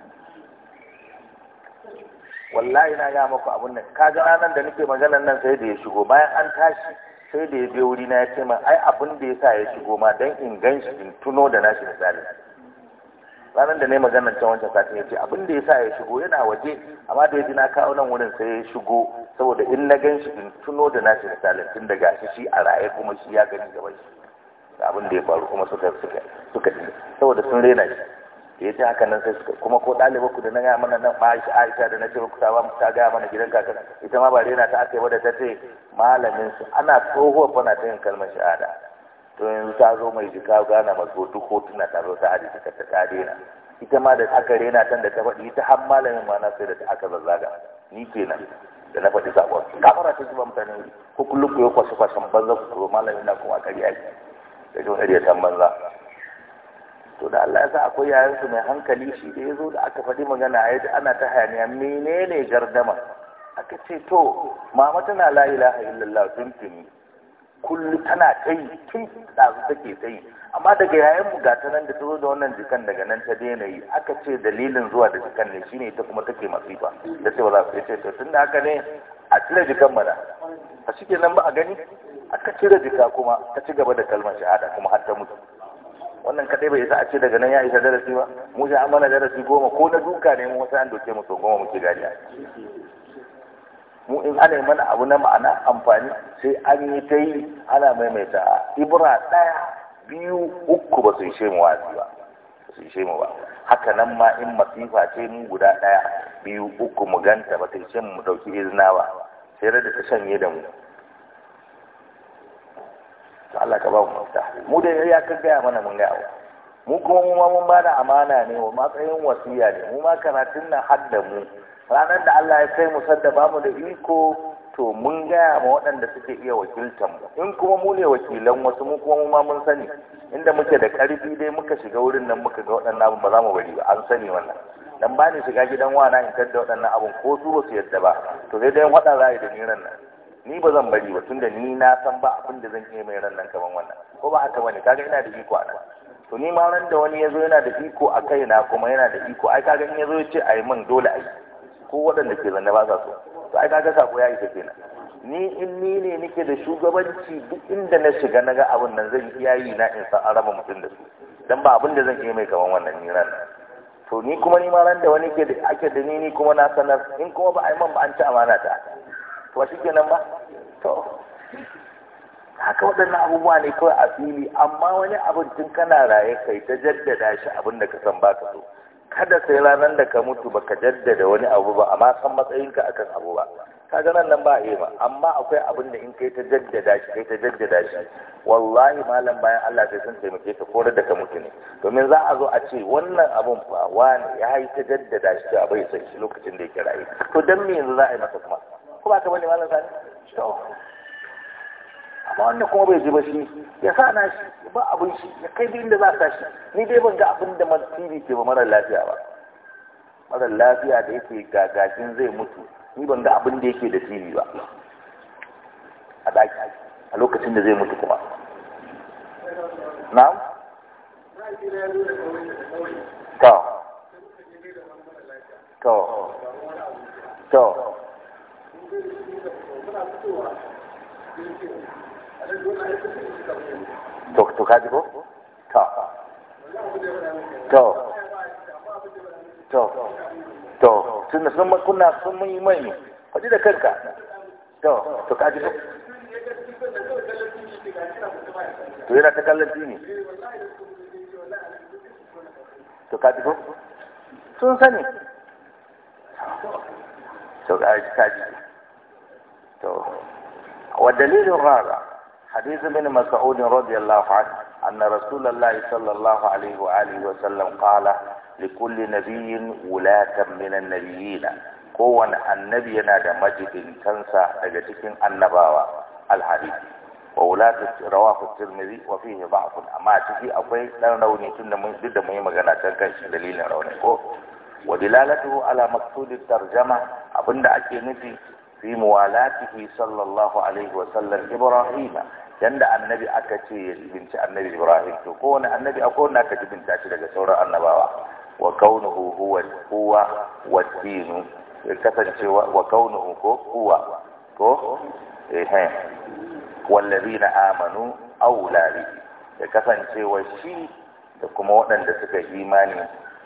wallahi na ga maku abun nan kaga nan da nake maganan nan sai da ya shigo bayan an tashi sai da ya je wuri na ya ce min ai abin da ya sa ya shigo ma dan in gan shi in tuno da nashi misali ranar da na yi maganar can wancan satin ya ce abin da ya sa ya shigo yana waje amma da ya ji na kawo nan wurin sai ya shigo saboda in na gan shi in tuno da nashi misali, tun daga shi shi a raye kuma shi ya gani gaban shi abin da ya faru kuma suka suka suka saboda sun rena shi da ya ce haka nan sai suka kuma ko ɗaliba ku da na gaya mana nan Aisha Aisha da na ce ku ta ta gaya mana gidan kakan ita ma ba rena ta aka yi wadda ta ce malamin su ana tsohuwa fa ta yin kalmar shahada to yanzu ta zo mai jika gana maso duk hotuna ta zo ta aje ta ta ta rena ita ma da aka rena tan da ta faɗi ita har malamin ma na sai da ta aka zazzaga ni kenan da na faɗi Ka fara ta zuba mutane ko kullum ku yi kwasu kwasan banza ku zo malamin na kuma kariya da ya iriyatan banza to da Allah ya akwai yayan su mai hankali shi da yazo da aka faɗi magana a yadda ana ta hayaniya menene gardama aka ce to mama tana la ilaha illallah tuntuni kullu tana ta yi tun su take ta yi amma daga yayan mu ga nan da ta zo da wannan jikan daga nan ta daina yi aka ce dalilin zuwa da jikan ne shine ita kuma take masifa da ce ba za su ce to tun da haka ne a cire jikan mana a cike nan ba a gani aka cire jika kuma ta ci gaba da kalmar shahada kuma har ta mutu wannan kadai bai isa a ce daga nan ya isa darasi ba mu sai an mana darasi goma ko na duka ne mu wasu an doke mu so goma muke gariya mu in ana mana abu na ma'ana amfani sai an yi ta yi ana maimaita ibra ɗaya biyu uku ba su ishe mu wasi ba su ishe mu ba haka nan ma in masifa ce mu guda ɗaya biyu uku mu ganta ba ta ishe mu dauki ɗauki izina ba sai da ta shanye da mu to Allah ka ba mu mafita mu da ya ka gaya mana mun gaya wa mu kuma mu ma mun bada amana ne wa matsayin wasiya ne mu ma karatun nan har da mu ranar da Allah ya kai mu sadda ba mu da iko to mun gaya ma waɗanda suke iya wakiltan mu in kuma mu ne wakilan wasu mu kuma mu ma mun sani inda muke da ƙarfi dai muka shiga wurin nan muka ga waɗannan abin ba za mu bari ba an sani wannan dan ba shiga gidan wana in tada waɗannan abin ko su ba su yadda ba to sai dai waɗa za a yi da nan ni ba zan bari ba tunda ni na san ba abin da zan iya mai ran nan kaman wannan ko ba haka bane kaga ina da iko a to ni ma ran da wani yazo yana da iko a kaina kuma yana da iko ai kaga in yazo ya ce ai min dole ai ko waɗanda ke zanne ba sa so to ai kaga sako ya isa kenan ni in ni ne nake da shugabanci duk inda na shiga na ga abin nan zan iya yi na in san araba mutum da su dan ba abin da zan iya mai kaman wannan ni ran to ni kuma ni ma ran da wani ke da ake da ni ni kuma na sanar in kuma ba a yi man ba an ci amana ta ba shi kenan ba to haka waɗannan abubuwa ne kawai a fili amma wani abin tun kana raye kai ta jaddada shi abin da ka san ba ka so kada sai ranar da ka mutu ba ka jaddada wani abu ba amma san matsayinka akan abu ba ka ga nan ba a yi ba amma akwai abin da in kai ta jaddada shi kai ta jaddada shi wallahi malam bayan Allah sai san taimake ka korar da ka mutu ne domin za a zo a ce wannan abun fa wani ya yi ta jaddada shi a sai lokacin da yake raye to dan me yanzu za a yi masa kuma ko ba ka bane malam sani amma wannan kuma bai zuba shi ya sa na shi ba abin shi ya kai duk inda za ka shi ni dai ban ga abin da TV ke ba marar lafiya ba marar lafiya da yake gagashin zai mutu ni ban ga abin da yake da TV ba a daki a lokacin da zai mutu kuma na'am to to to to to kaji ko to to to to tunda sun kuna sun mun yi mai faɗi da kanka to to kaji ko to yana ta kallon tini to kaji ko sun sani to kaji kaji والدليل الرابع حديث ابن مسعود رضي الله عنه أن رسول الله صلى الله عليه وآله وسلم قال لكل نبي ولاة من النبيين kowane annabi yana da majibintansa daga cikin annabawa alhadisi wa wulatu rawahu tirmidhi wa fihi da'fun amma ciki akwai dan rauni tunda mun duk da mun yi magana kan kanshi dalilin rauni ko ala maqsudi abinda ake nufi fi muwalatihi sallallahu alaihi wa sallam Ibrahim yanda annabi aka ce ya binci annabi Ibrahim to wani annabi akwai wanda aka binta shi daga sauran annabawa wa kaunuhu huwa huwa wa dinu kasancewa wa ko huwa ko eh amanu aula bi kasancewa shi da kuma waɗanda suka imani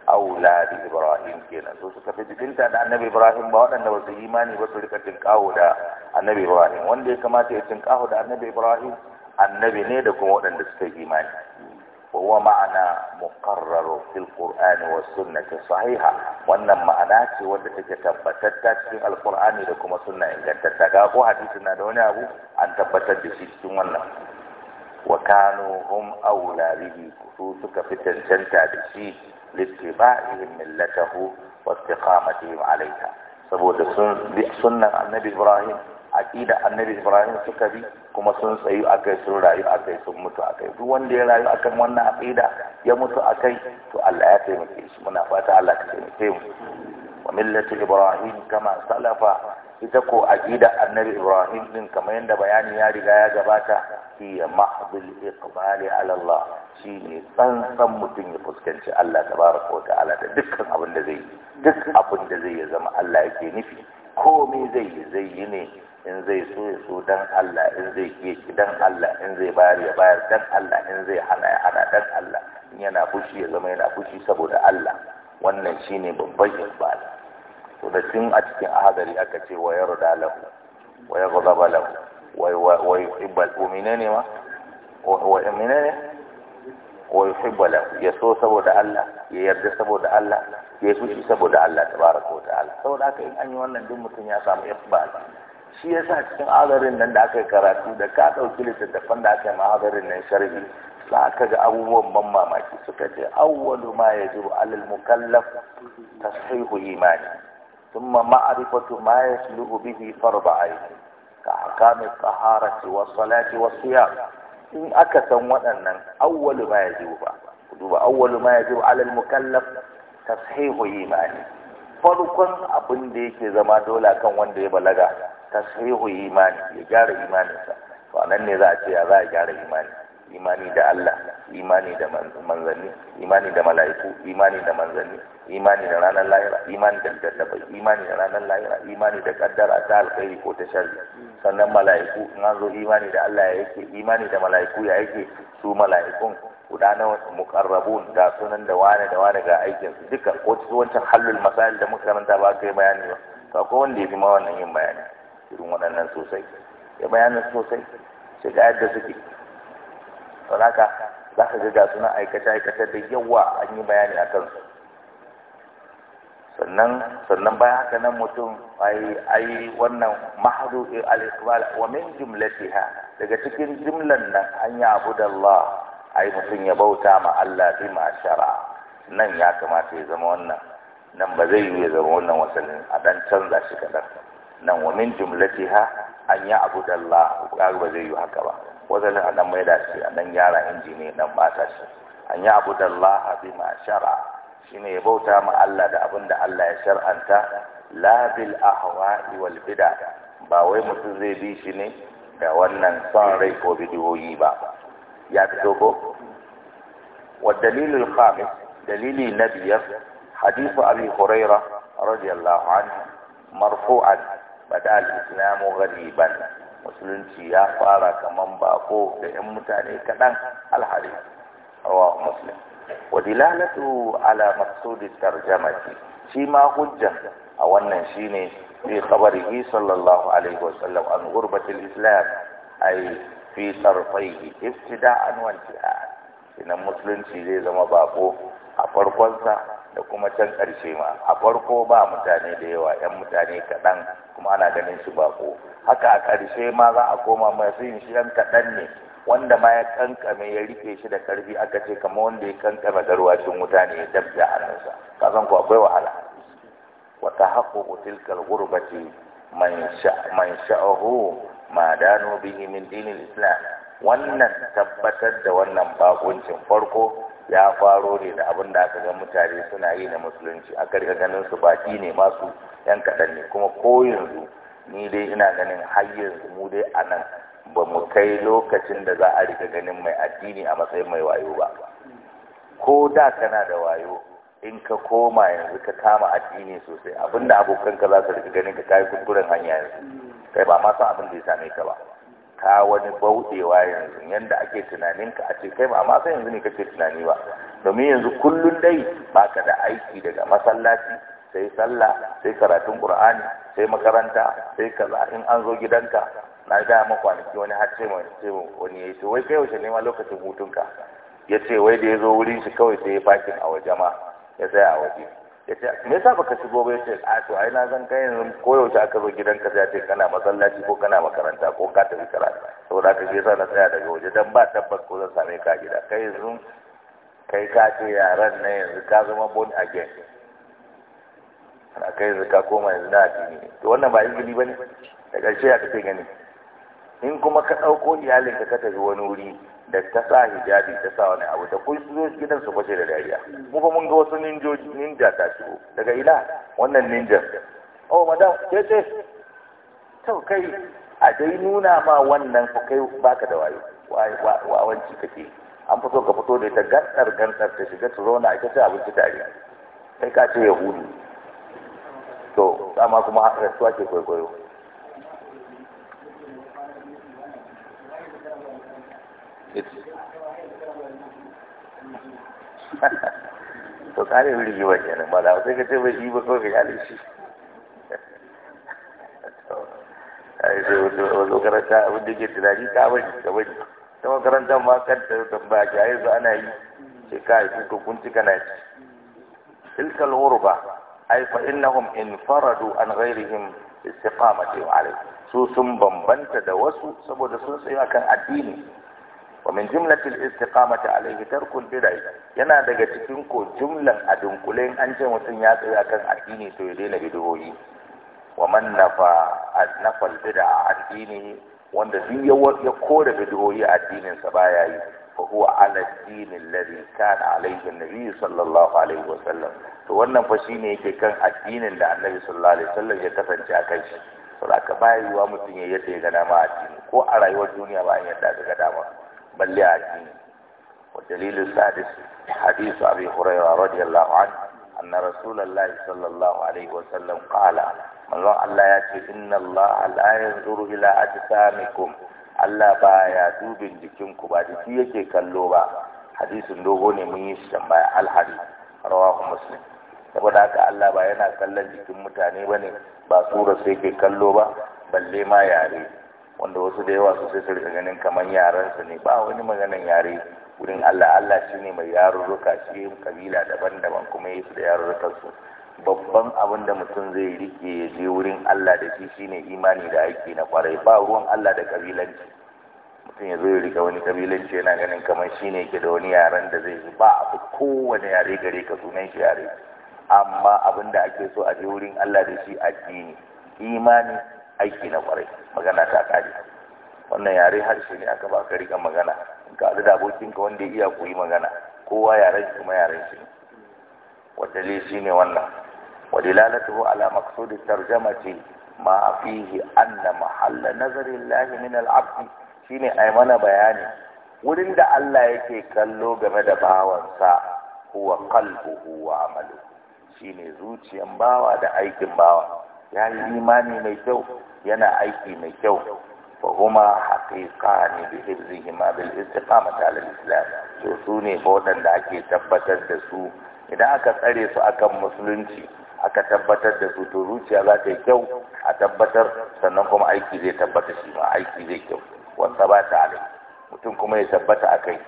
aula bi ibrahim kenan so suka fi jikinta da annabi ibrahim ba waɗanda ba su yi imani ba su rika tinkaho da annabi ibrahim wanda ya kamata ya tinkaho da annabi ibrahim annabi ne da kuma waɗanda suka yi imani wa ma'ana muqarrar fil qur'an wa sunnati sahiha wannan ma'ana ce wanda take tabbatatta cikin alqur'ani da kuma sunna ingantatta ga ko hadisi na da wani abu an tabbatar da shi cikin wannan wa kanu hum aula bihi su suka fi cancanta da shi littibaihim millatahu wa istiqamatihim alaiha saboda sun sunnan annabi Ibrahim aqida annabi Ibrahim suka bi kuma sun tsayu akai sun rayu akai sun mutu akai duk wanda ya rayu akan wannan aqida ya mutu akai to Allah ya taimake shi muna fata Allah ka taimake mu wa millati Ibrahim kama salafa ita ko aqida annabi ibrahim din kamar yadda bayani ya riga ya gabata fi mahdul iqbali ala allah shine tsantsan mutum ya fuskanci Allah tabaraka wa ta'ala da dukkan abin da zai duk abin da zai zama Allah yake nufi Ko me zai yi zai yi ne in zai so ya so dan Allah in zai ki dan Allah in zai bayar ya bayar dan Allah in zai hana ya hana dan Allah in yana fushi ya zama yana fushi saboda Allah wannan shine babban iqbali to da tun a cikin ahadari aka ce wa yarda lahu wa yaghdaba lahu wa wa yuhibbal mu'minina ma wa ne? wa yuhibbu lahu ya so saboda Allah ya yarda saboda Allah ya fushi saboda Allah tabaraka wa ta'ala saboda haka in an yi wannan duk mutum ya samu iqbal shi yasa cikin azarin nan da aka karatu da ka ɗauki littattafan da aka yi ma'azarin nan sharhi za ka ga abubuwan ban mamaki suka ce awwalu ma yajibu alal mukallaf tashihu imani ثم معرفة ما يسلوه به فرض عين كأحكام الطهارة والصلاة والصيام إن أكثر وأن أول ما يجب أول ما يجب على المكلف تصحيح إيمانه farkon abin da yake zama dole kan wanda ya balaga tashihu imani ya gyara imaninsa to nan ne za a ce za a gyara imani imani da Allah imani da manzanni imani da mala'iku imani da manzanni imani da ranar lahira imani da littattafai imani da ranar lahira imani da kaddara ta alkhairi ko ta sharri sannan mala'iku in an zo imani da Allah ya yake imani da mala'iku ya yake su mala'ikun guda na muqarrabun ga sunan da wane da wane ga aikin su duka ko su wancan halul masail da muka karanta ba kai bayani ba to akwai wanda ya fi ma wannan yin bayani irin waɗannan sosai ya bayanin sosai shiga yadda suke don za ka ga suna aikace-aikace da yawa an yi bayani a kansu sannan sannan bayan haka nan mutum ai ai wannan mahdu al-iqbal wa min jumlatiha daga cikin jumlan nan an ya abudallah ai mutum ya bauta ma Allah bi ma shara nan ya kamata ya zama wannan nan ba zai yi zama wannan wasannin a dan canza shi kadan nan wa min jumlatiha an ya abudallah ba zai yi haka ba wajen a nan maida shi a nan gyara injini nan mata shi an yi abu da Allah bi ma shara shi ne bauta ma Allah da abin da Allah ya shar'anta la bil ahwa'i wal bid'a ba wai mutum zai bi shi ne da wannan son rai ko bidiyoyi ba ya fito ko wa dalilul khamis dalili na biyar hadithu abi hurairah radiyallahu anhu marfu'an bada al-islamu musulunci ya fara kaman bako da 'yan mutane kaɗan alhari rawa muslim wa dilalatu ala maksudin tarjamati shi ma hujja a wannan shi shine fi khabarihi sallallahu alaihi wasallam an gurbatin islam ay fi tarfaihi an wa a sinan musulunci zai zama bako a farkonsa da kuma can ƙarshe ma a farko ba mutane da yawa 'yan mutane kaɗan kuma ana ganin su bako haka a ƙarshe ma za a koma masu yin shi yan kaɗan ne wanda ma ya kankame ya rike shi da ƙarfi aka ce kamar wanda ya kankame garwashin wuta ne ya dabda a ka san ko akwai wahala Wata haƙo tilka al-ghurbati man sha'ahu ma dano bihi min islam wannan tabbatar da wannan bakuncin farko ya faro ne da abin da aka ga mutane suna yi na musulunci aka riga ganin su baki ne masu yan kaɗan ne kuma ko yanzu ni dai ina ganin har yanzu mu dai a nan ba mu kai lokacin da za a riga ganin mai addini a matsayin mai wayo ba ko da kana da wayo in ka koma yanzu ka kama addini sosai abin da abokanka za su riga ganin ka kai kuskuren hanya yanzu kai ba ma san abin da ya same ka ba ka wani bauɗewa yanzu yanda ake tunaninka a ce kai ba amma yanzu ne kake tunani ba domin yanzu kullun dai ba ka da aiki daga masallaci sai sallah sai karatun qur'ani sai makaranta sai kaza in an zo gidanka na ga ma kwanaki wani har sai mai wani yayi to wai kai yaushe ne ma lokacin hutunka ya ce wai da ya zo wurin shi kawai sai ya fakin a waje ma ya tsaya a waje ya ce me yasa baka shigo ba yace a to ai na zan kai yanzu koyaushe aka zo gidanka sai ce kana masallaci ko kana makaranta ko ka tafi karatu saboda ka je sana na tsaya daga waje dan ba tabbas ko zan same ka gida kai yanzu kai ka ce yaran na yanzu ka zama born again ana kai yanzu ka koma yanzu na addini to wannan ba izini bane da ƙarshe ya kace gani in kuma ka ɗauko iyalinka ka tafi wani wuri da ta sa hijabi ta sa wani abu ta kun zo gidan su fashe da dariya mu fa mun ga wasu ninjoji ninja ta shigo daga ila wannan ninja oh madam ke ce to kai a dai nuna ma wannan fa kai baka da wayo wawanci kake an fito ka fito da ita gantsar gantsar ta shiga turona zauna ita ce abinci tare kai ka ce yahudu to dama kuma rasuwa ke kwaikwayo to kare wuri wani kenan ba da sai ka ce bai yi ba kawai ka gane shi yi sai wato karanta abin da ke tunani ta bari ta bari ta makaranta ma kan ta tambaya ki A su ana yi sai ka yi kuka kunci kana ci tilkal urba ai fa innahum infaradu an ghairihim istiqamati alayhi su sun bambanta da wasu saboda sun tsaya kan addini wa min jumlatil istiqamati alayhi tarkul bid'ah yana daga cikin ko jumlan adunkule an ce mutum ya tsaya kan addini to ya daina bid'o'i wa man nafa nafa bid'a addini wanda duk ya kore bid'o'i addinin sa baya yi fa huwa ala ad-din alladhi alayhi an sallallahu alaihi wa sallam to wannan fa shine yake kan addinin da annabi sallallahu alaihi wa sallam ya kasance a kai shi saboda ka bayarwa mutum ya yadda ya ga ma addini ko a rayuwar duniya ba an yadda ga dama balle a addini wa dalilu sadis hadisu abi hurairah radiyallahu anhu anna rasulullahi sallallahu alaihi wa sallam qala manzon Allah ya ce inna Allah la yanzuru ila ajsamikum Allah ba ya dubin jikinku ba jiki yake kallo ba hadisin dogo ne mun yi shi can baya alhari rawahu muslim saboda haka Allah ba yana kallon jikin mutane bane ba tsura sai ke kallo ba balle ma yare wanda wasu da yawa sosai su rika ganin kamar yaran su ne ba wani maganin yare wurin Allah Allah shi ne mai yarurruka shi kabila daban-daban kuma yi su da yarurrukan su babban abin da mutum zai rike ya je wurin Allah da shi shine imani da aiki na kwarai ba ruwan Allah da kabilanci mutum ya zo ya rika wani kabilanci yana ganin kamar shi ne ke da wani yaren da zai yi ba a kowane yare gare ka sunan shi yare amma abin da ake so a je wurin Allah da shi addini imani aiki na kwarai magana ta kare wannan yare harshe ne aka ka riga magana in ka da abokinka wanda ya iya koyi magana kowa yaren shi kuma yaren shi wadali shi ne wannan so ala tarjama tarjamati ma fihi anna mahalla nazari llahi min al-abd shine ai mana bayani wurin da Allah yake kallo game da bawansa huwa qalbuhu wa amaluhu shine zuciyan bawa da aikin bawa ya yi imani mai kyau yana aiki mai kyau fa huma haqiqani bi hifzihima bil istiqamati ala islam to su ne waɗanda ake tabbatar da su idan aka tsare su akan musulunci aka tabbatar da su to zuciya za ta yi kyau a tabbatar sannan kuma aiki zai tabbata shi ma aiki zai kyau wanda ba ta alai mutum kuma ya tabbata a kai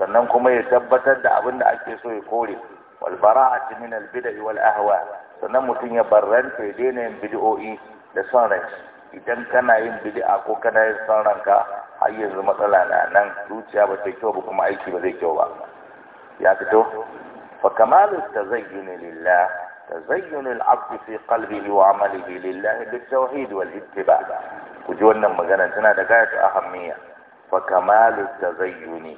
sannan kuma ya tabbatar da abin da ake so ya kore wal bara'ati min al bid'i wal ahwa sannan mutum ya bar barranta ya daina yin bid'o'i da son rai idan kana yin bid'a ko kana yin son ranka har yanzu matsala na nan zuciya ba ta kyau ba kuma aiki ba zai kyau ba ya fito fa kamalu tazayyun lillah tazayyun al-abd fi qalbihi wa amalihi lillah bit tawhid wal ittiba ku ji wannan magana tana da gayatu ahammiya fa kamalu tazayyun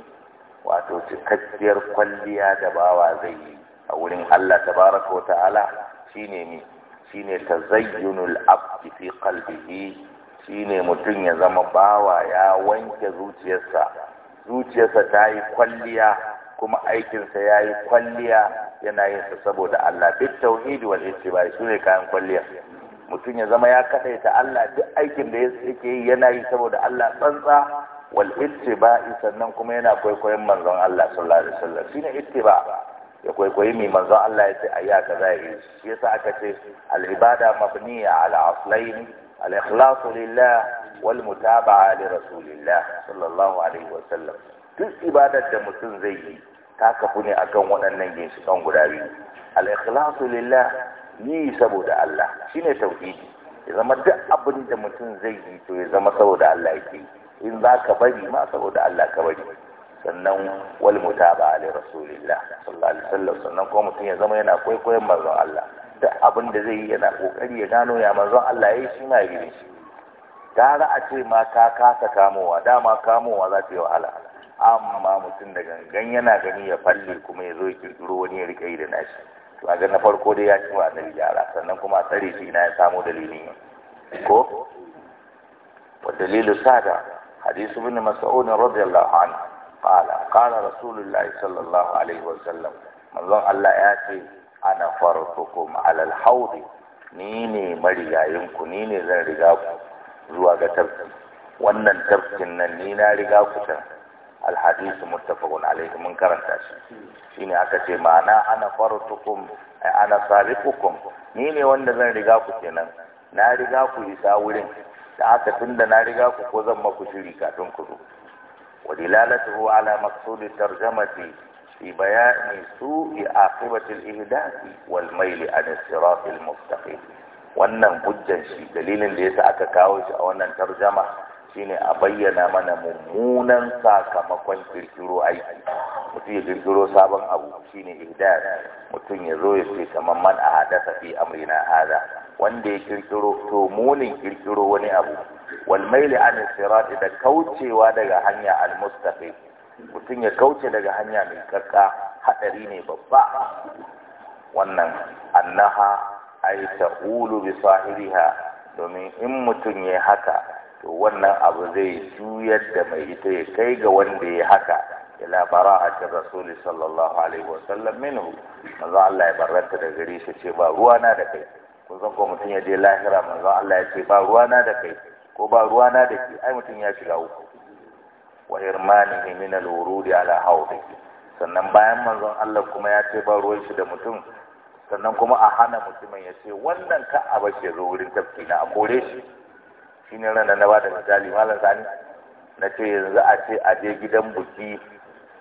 wato cikakkiyar kwalliya da bawa zai yi a wurin Allah tabaraka wa ta'ala shine ne shine tazayyunul abdi fi qalbihi shine mutum ya zama bawa ya wanke zuciyarsa zuciyarsa ta yi kwalliya kuma aikinsa ya yi kwalliya yana yin sa saboda Allah bi tauhidi wal ittiba shine kayan kwalliya mutum ya zama ya kadaita Allah duk aikin da yake yi yana yi saboda Allah tsantsa wal ittiba sannan kuma yana kwaikwayon manzon Allah sallallahu alaihi wasallam shine ittiba ya kwaikwayi mai manzo Allah ya ce a yi aka zai shi yasa aka ce al'ibada mabniya ala aslain al-ikhlasu lillah wal mutaba'a li rasulillah sallallahu alaihi wa sallam duk ibadar da mutum zai yi ta kafu ne akan waɗannan ginshiƙan guda biyu al-ikhlasu lillah yi saboda Allah shine tauhidi ya zama duk abin da mutum zai yi to ya zama saboda Allah yake in za ka bari ma saboda Allah ka bari sannan wal mutaba ali rasulillah sallallahu alaihi wasallam sannan kuma mutum ya zama yana kwaikwayon manzon Allah duk abin da zai yi yana kokari ya gano ya manzon Allah yayi shi ma yi shi gara a ce ma ka kasa kamowa dama kamowa za ta yi wahala amma mutum da gangan yana gani ya falle kuma ya zo ya kirkiro wani ya rike yi da nashi to a na farko dai ya ci wa annabi gyara sannan kuma a tsare shi ina ya samo dalilin ko wa dalilu sada hadisu bin mas'ud radiyallahu anhu qala qala rasulullahi sallallahu alaihi wa sallam. manzon Allah ya ce ana farqukum alal haudi ni ne marigayin ku ni ne zan riga ku zuwa ga tafki wannan tafkin nan ni na riga ku ta alhadisu muttafaqun alaihi mun karanta shi shine aka ce ma'ana ana farqukum ana sabiqukum ni ne wanda zan riga ku kenan na riga ku isa wurin da aka tunda na riga ku ko zan maku shiri kafin ku zo ودلالته على مقصود الترجمة في بيان سوء عاقبة الإهداف والميل عن الصراط المستقيم wannan hujjan shi dalilin da ya sa aka kawo shi a wannan tarjama shine a bayyana mana mummunan sakamakon kirkiro aiki mutum ya kirkiro sabon abu shine ihdad mutum ya zo ya ce kamar man a hadasa fi amrina hada wanda ya kirkiro to munin kirkiro wani abu wal maili an sirat da kaucewa daga hanya al mutum ya kauce daga hanya mai kakka hadari ne babba wannan annaha ay ta'ulu bi sahibiha domin in mutum ya haka to wannan abu zai juyar da mai ita ya kai ga wanda ya haka ila bara'atin rasuli sallallahu alaihi wasallam minhu manzo Allah ya barranta da gare shi ce ba na da kai kun san ko ya je lahira manzo Allah ya ce ba ruwana da kai ko ba ruwa na da ke ai mutum ya shiga uku wa irmanihi min al-wurudi ala hawdi sannan bayan manzon Allah kuma ya ce ba ruwan shi da mutum sannan kuma a hana mutumin ya ce wannan ka a bace zo wurin tafki na a kore shi shine ran na bada misali malam sani na ce yanzu a ce a je gidan buki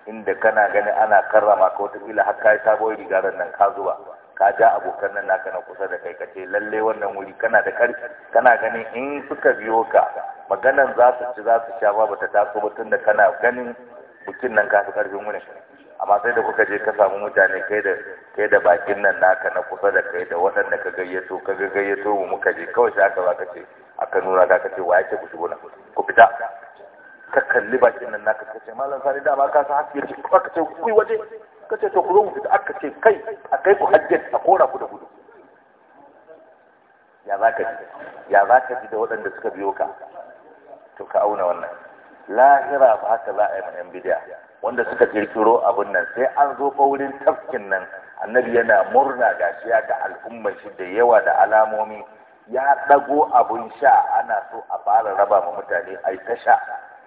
inda kana gani ana karrama ka kila har kai sabo riga nan ka zuba ka ja abokan nan naka na kusa da kai ka ce lalle wannan wuri kana da karfi kana ganin in suka biyo ka maganan za su ci za su sha ba bata taso ba tunda kana ganin bukin nan ka fi karfin wurin amma sai da kuka je ka samu mutane kai da kai da bakin nan naka na kusa da kai da waɗanda ka gayyato ka gayyato mu muka je kawai sai aka zaka ce aka nuna ka ce wa yake ku shigo nan ku fita ka kalli bakin nan naka ka ce malam da dama ka san hakki ka ce ku waje suka ce to ku zo mu fita aka ce kai a kai ku hajjat a kora ku da gudu ya za ka ji ya za ka ji da waɗanda suka biyo ka to ka auna wannan lahira ba haka za a yi ma'yan bidiya wanda suka kirkiro abin nan sai an zo fa wurin tafkin nan annabi yana murna gashi ya ga al'ummar shi da yawa da alamomi ya ɗago abun sha ana so a fara raba ma mutane ai ta sha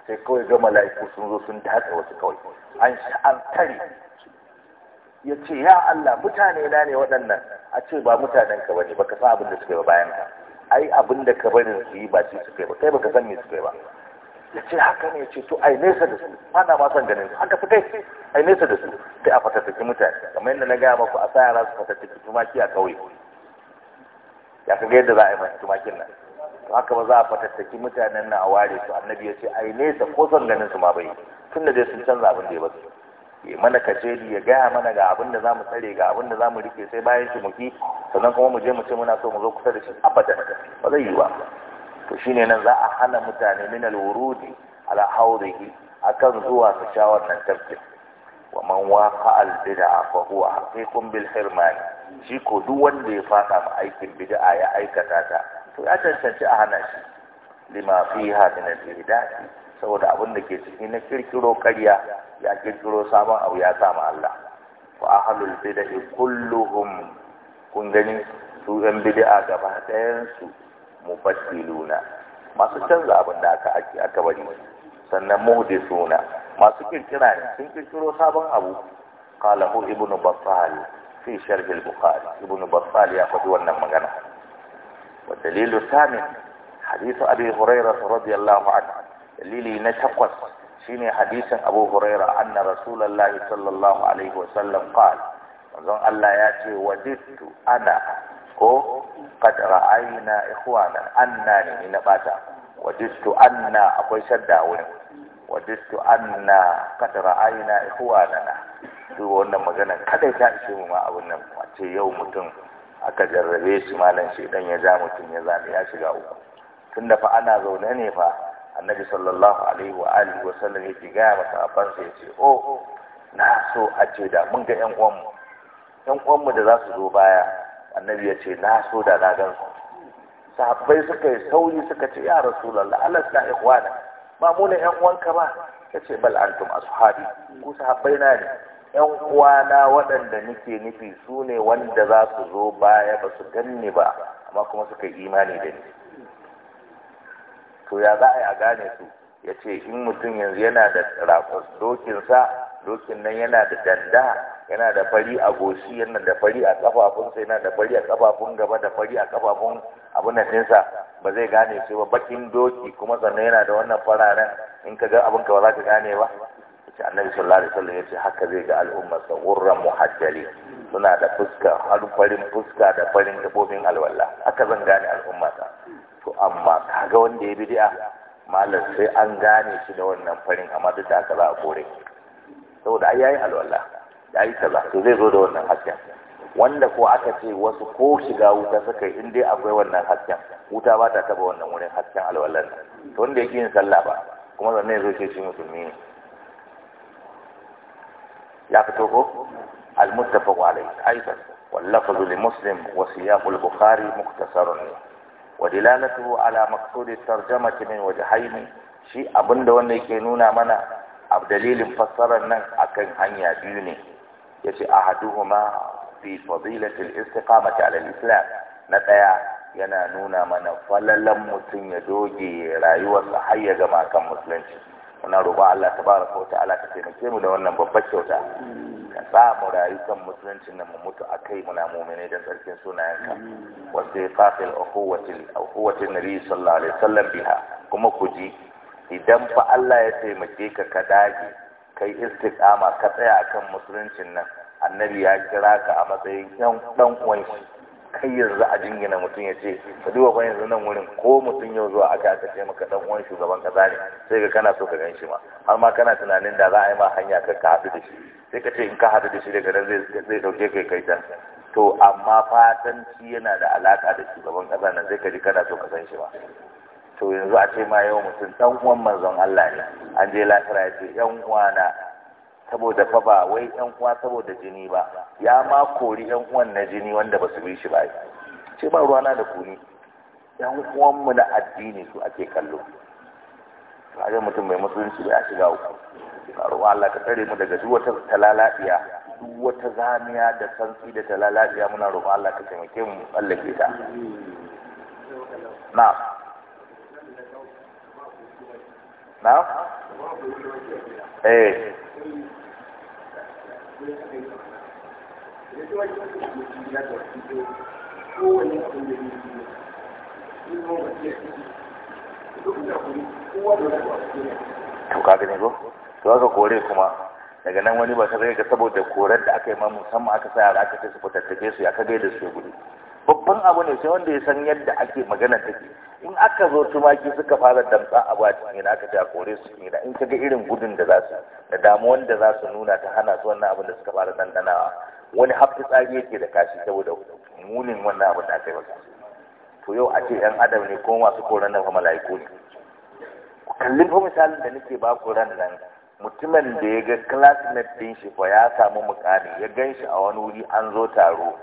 sai kawai ga mala'iku sun zo sun tatsa wasu kawai an an tare ya ce ya Allah mutane na ne waɗannan a ce ba mutanen ka bane baka san abin da suka yi ba bayan ka ai abin da ka bari su yi ba shi suka yi ba kai baka san me suka yi ba ya ce haka ne ce to ai nesa da su ana ma son ganin su haka fi kai ai nesa da su kai a fatattaki mutane kamar yadda na gaya maku a sa yara su fatattaki tumaki a kauye ya kaga yadda za a yi mai tumakin nan to haka ba za a fatattaki mutanen nan a ware su annabi ya ce ai nesa ko son ganin su ma bai tunda dai sun canza abin da ya basu ya mana kaceli ya gaya mana ga abin da zamu tsare ga abin da zamu rike sai bayan shi muki sannan kuma mu je mu ce muna so mu zo kusa da shi abadan ba zai yi ba to shine nan za a hana mutane min al-wurudi ala hawdihi akan zuwa su sha wannan tafkin wa man waqa al bid'a fa huwa haqiqun bil hirman shi ko duk wanda ya fada ma aikin bid'a ya aikata ta to ya cancanci a hana shi lima fiha min al saboda abin da ke ciki na kirkiro ƙarya ya kirkiro sabon abu ya sama Allah wa ahlul bid'ah kulluhum kun gani su yan bid'a gaba ɗayan su luna. masu canza abin da aka aka bari sannan muhdisuna masu kirkira ne sun kirkiro sabon abu qalahu ibnu battal fi sharh al-bukhari ibnu battal ya faɗi wannan magana wa dalilu samin hadithu abi hurairah radiyallahu anhu dalili na takwas shine hadisin Abu Huraira anna Rasulullahi sallallahu alaihi wasallam qala manzon Allah ya ce wajidtu ana ko qad ra'ayna ikhwana anna ne na bata wajidtu anna akwai shadda wani wajidtu anna qad ra'ayna ikhwana to wannan magana kada ta ishe mu ma abun nan Wace yau mutum aka jarrabe shi malam shedan ya ja mutum ya zame ya shiga uku tunda fa ana zaune ne fa annabi sallallahu alaihi wa alihi wa sallam yake ga masahabansa yace oh na so a ce da mun ga yan uwanmu yan uwanmu da za su zo baya annabi ya ce na so da na gan su sahabbai suka yi sauri suka ce ya rasulullahi alas la ikhwana ba mu ne yan uwanka ba yace bal antum ashabi ku sahabbai na ne yan uwana waɗanda nake nufi su ne wanda za su zo baya ba su ganni ba amma kuma suka yi imani da ni to ya za a yi a gane su ya ce in mutum yanzu yana da rakon dokinsa dokin nan yana da danda yana da fari a goshi yana da fari a kafafunsa yana da fari a kafafun gaba da fari a kafafun abin nan ɗinsa ba zai gane su ba bakin doki kuma sannan yana da wannan fararen in ka ga abin ka ba za ka gane ba ce annabi sallallahu alaihi wasallam yace haka zai ga al'umma sa gurran muhajjali suna da fuska har farin fuska da farin kabobin alwala haka zan gane al'umma ta to amma kaga wanda ya bid'a malam sai an gane shi da wannan farin amma duk da haka za a kore saboda ai yayi alwala yayi kaza to zai zo da wannan hasken wanda ko aka ce wasu ko shiga wuta suka in dai akwai wannan hasken wuta ba ta taba wannan wurin hasken alwalan to wanda yake yin sallah ba kuma sannan zo ce shi musulmi ne ya fito ko al-muttafaq alayhi aidan wal lafzu li muslim wa siyaq al-bukhari mukhtasarun ودلالته على مقصود الترجمة haihu وجهين shi abinda wanda yake nuna mana a dalilin fassarar nan akan hanya biyu ne yace ahaduhuma fi fadilatil istiqamati ala al-islam na ɗaya yana nuna mana falalen mutum ya doge rayuwarsa har ya gama kan musulunci muna roƙon Allah tabaraka wa ta'ala ta taimake mu da wannan babbar kyauta ka sa mu rayu kan musuluncin nan mu mutu a kai muna mumine da tsarkin sunayenka Wasu sai fafil ukhuwatin nabi sallallahu alaihi wasallam biha kuma ku ji idan fa Allah ya taimake ka ka dage kai istiqama ka tsaya kan musuluncin nan annabi ya kira ka a matsayin yan dan uwan shi kai yanzu a jingina mutum ya ce ka duba fa yanzu nan wurin ko mutum yau zuwa aka aka ce maka dan uwan shugaban kaza ne sai ka kana so ka gan shi ma har ma kana tunanin da za a yi ma hanya ka ka haɗu da shi sai ka ce in ka haɗu da shi daga nan zai ɗauke kai kai ta to amma fatan fatanci yana da alaka da shugaban kasa nan sai ka ji kana so ka san shi ma to yanzu a ce ma yau mutum dan uwan manzon Allah ne an je lafira ya ce yan uwana saboda fa ba wai yan uwa saboda jini ba ya ma kori yan uwan na jini wanda ba su bi shi ba ce ba ruwana da kuni yan uwanmu na addini su ake kallo ga mutum mai musulunci ba a shiga uku ruwa Allah ka tsare mu daga duk wata talalaɗiya duk wata zamiya da santsi da talalaɗiya muna ruwa Allah ka taimake mu tsallake ta na na eh wurin to ka gane ko to aka kore kuma daga nan wani ba sai ga saboda korar da aka yi ma musamman aka sa yara aka kai su fitattake su ya kage da su gudu babban abu ne sai wanda ya san yadda ake magana take in aka zo tumaki suka fara damtsa a bakin ne aka ta kore su kenan in ka ga irin gudun da za su da damu da za su nuna ta hana su wannan abin da suka fara dandanawa wani hafi tsari yake da kashi saboda munin wannan abin da kai to yau a ce yan adam ne ko masu koran nan fa mala'iku ne kallin fa misalin da nake ba ku nan mutumin da ya ga classmate din shi fa ya samu mukami ya ganshi a wani wuri an zo taro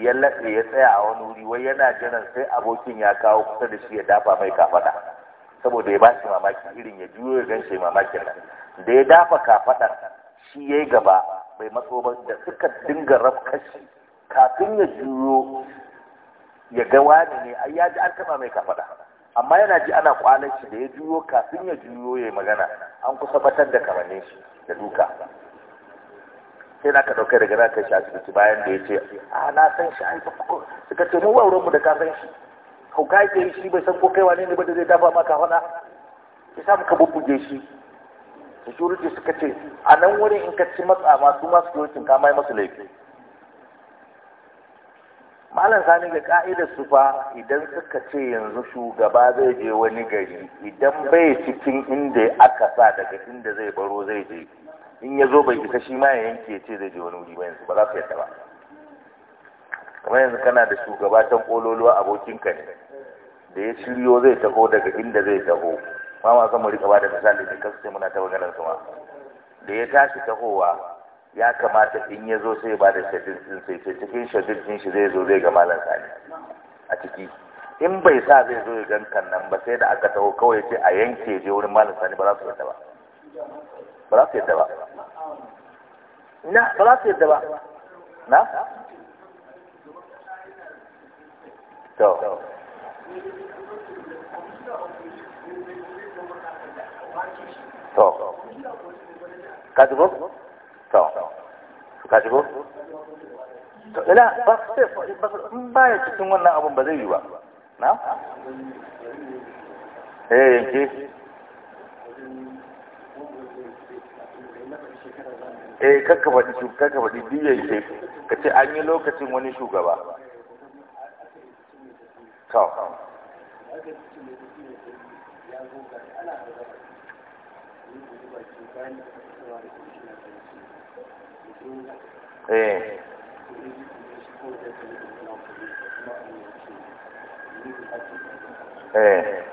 ya latse ya tsaya a wani wuri wai yana jiran sai abokin ya kawo kusa da shi ya dafa mai kafada saboda ya bashi mamaki irin ya juyo ya gan shi mamakin nan da ya dafa kafadar shi ya yi gaba bai matso ba da suka dinga rafkar kafin ya juyo ya ga wani ne ai ya ji an taba mai kafada amma yana ji ana kwalan shi da ya juyo kafin ya juyo ya magana an kusa batar da kamannin shi da duka sai na ka ɗaukai daga na kai shi asibiti bayan da ya ce a na san shi ai suka ce mu wauren mu da ka san shi ko ka yi shi bai san ko kaiwa ne ne ba da zai dafa maka hana ya sa muka bubbuge shi security suka ce a nan wurin in ka ci matsa masu masu security ka mai masu laifi malam sani ga ka'ida su fa idan suka ce yanzu shugaba zai je wani gari idan bai cikin inda aka sa daga inda zai baro zai je in ya zo bai fita shi ma ya yanke ce zai je wani wuri ba yanzu ba za ka yadda ba kamar yanzu kana da shugaba can kololuwa abokinka ne da ya shiryo zai taho daga inda zai taho ma ma san mu rika ba da misali ne kasu sai muna ta maganar kuma da ya tashi tahowa ya kamata in ya zo sai ba da shadid din sai ce cikin shadid din shi zai zo zai ga malam sani a ciki in bai sa zai zo ya gan kan nan ba sai da aka taho kawai ce a yanke je wurin malam sani ba za su yadda ba ba za su yadda ba na ba za yadda ba na to to ka zubo to ka zubo to ina ba su in baya cikin wannan abun ba zai yi ba na eh yanke eh kakka faɗi kakka faɗi biyan shi ka ce an yi lokacin wani shugaba to eh eh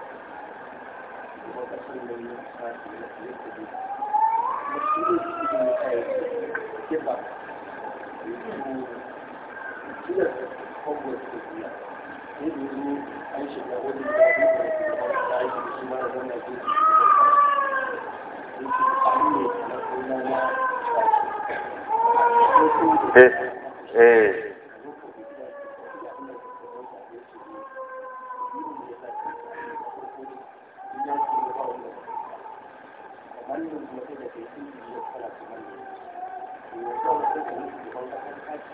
eh eh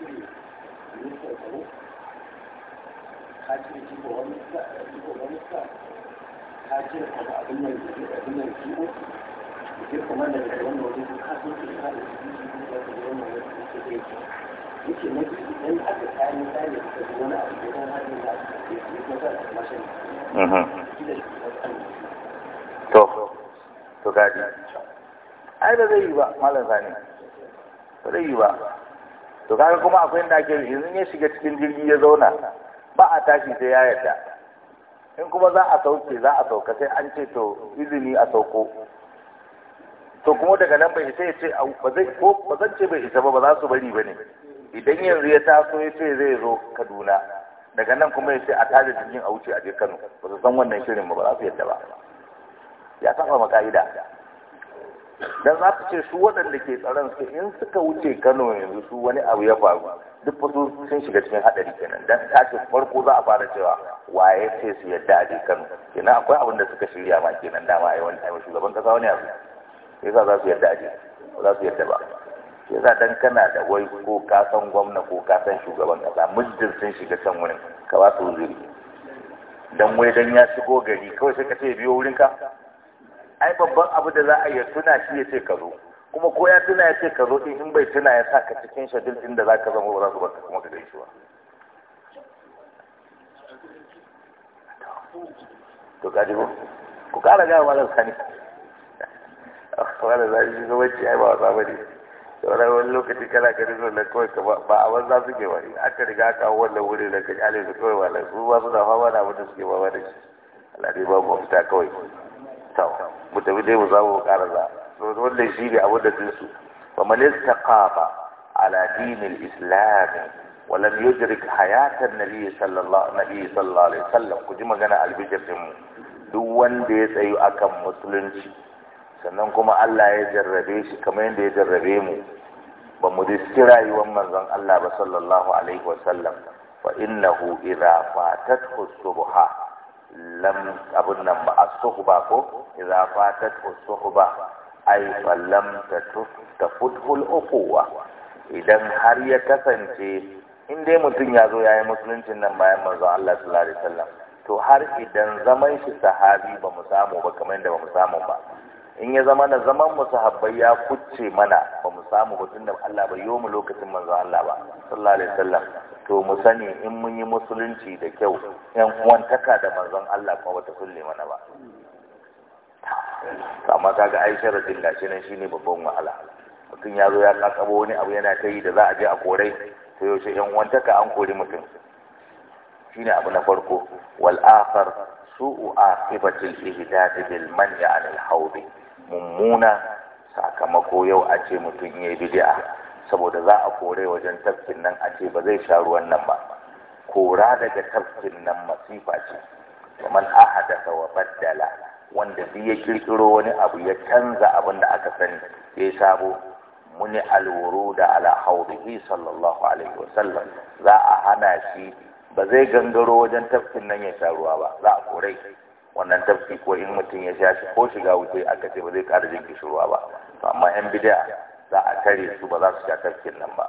cire ministan tsaro ka cire wani ka kuma ka ke ka ka ka ka kuma to to gaji ai ba zai yi ba ba zai yi ba to kaga kuma akwai inda ake yanzu ya shiga cikin jirgi ya zauna ba a tashi sai ya yarda in kuma za a sauke za a sauka sai an ce to izini a sauko to kuma daga nan bai isa ya ce ba zai ko ba zan ce bai isa ba ba za su bari ba ne idan yanzu ya taso ya ce zai zo Kaduna daga nan kuma ya ce a tada jirgin a wuce a je Kano ba su san wannan shirin ba ba za su yarda ba ya saba maka'ida. dan za ka ce su waɗanda ke tsaron su in suka wuce Kano yanzu su wani abu ya faru duk fasu sun shiga cikin haɗari kenan dan take farko za a fara cewa waye ce su yadda a Kano kenan akwai abin da suka shirya ma kenan dama ai wani ai shugaban kasa wani abu yasa za su yadda a ba za su yadda ba yasa dan kana da wai ko ka san gwamna ko ka san shugaban kasa muddin sun shiga can wurin ka ba su uzuri dan wai dan ya shigo gari kawai sai ka ce biyo wurin ka ai babban abu da za a yi tuna shi ya ce ka zo kuma ko ya tuna ya ce ka zo in bai tuna ya sa ka cikin shadil din da za ka zama ba za su baka kuma ka gaishe ba to ka ji ku kara ga malam sani wala za shi zuwa ci ai ba wasa ba ne saboda wani lokaci kana ka rizo na kawai ka ba a banza su ke wani aka riga aka hau wannan wuri da ka kyale su kawai ba su ba suna fama da abin da suke ba ba da shi Allah ba mu fita kawai to mu tafi dai mu za mu karasa wannan shi ne da su wa man istaqama ala dinil islam wa lam yudrik hayatan nabi sallallahu nabi sallallahu alaihi wasallam ku ji magana albijir din mu duk wanda ya tsayu akan musulunci sannan kuma Allah ya jarrabe shi kamar yadda ya jarrabe mu ba mu riski rayuwar manzon Allah ba sallallahu alaihi wasallam fa innahu idza fatat subha lam abun nan ba as ba ko idza fatat as-suhba ay lam tatuf uku uquwa idan har ya kasance in dai mutum ya zo yayi musuluncin nan bayan manzo Allah sallallahu alaihi wasallam to har idan zaman shi sahabi ba mu samu ba kamar yadda ba mu samu ba in ya zama na zaman mu sahabbai ya kucce mana ba mu samu hutun da Allah ba yo mu lokacin manzo Allah ba sallallahu alaihi wasallam to mu sani in mun yi musulunci da kyau yan uwantaka da manzon Allah kuma wata kulle mana ba amma kaga Aisha radiyallahu anha nan ne babban wahala mutum ya zo ya kakabo wani abu yana ta yi da za a je a korai to yaushe yan uwantaka an kori mutum shine abu na farko wal akhar su'u aqibatil ihdad bil man'i 'anil Haube. mummuna sakamako yau a ce mutum ya yi bid'a saboda za a kore wajen tafkin nan a ce ba zai sha ruwan nan ba kora daga tafkin nan masifa ce kamar ahadasa wa baddala wanda duk ya kirkiro wani abu ya canza abin da aka sani ya yi sabo muni alwuru da ala sallallahu alaihi wasallam za a hana shi ba zai gangaro wajen tafkin nan ya sha ruwa ba za a kore wannan tafki ko in mutum ya sha shi ko shiga wuce aka ce ba zai ƙara jin kishirwa ba to amma yan bid'a za a tare su ba za su sha tafkin nan ba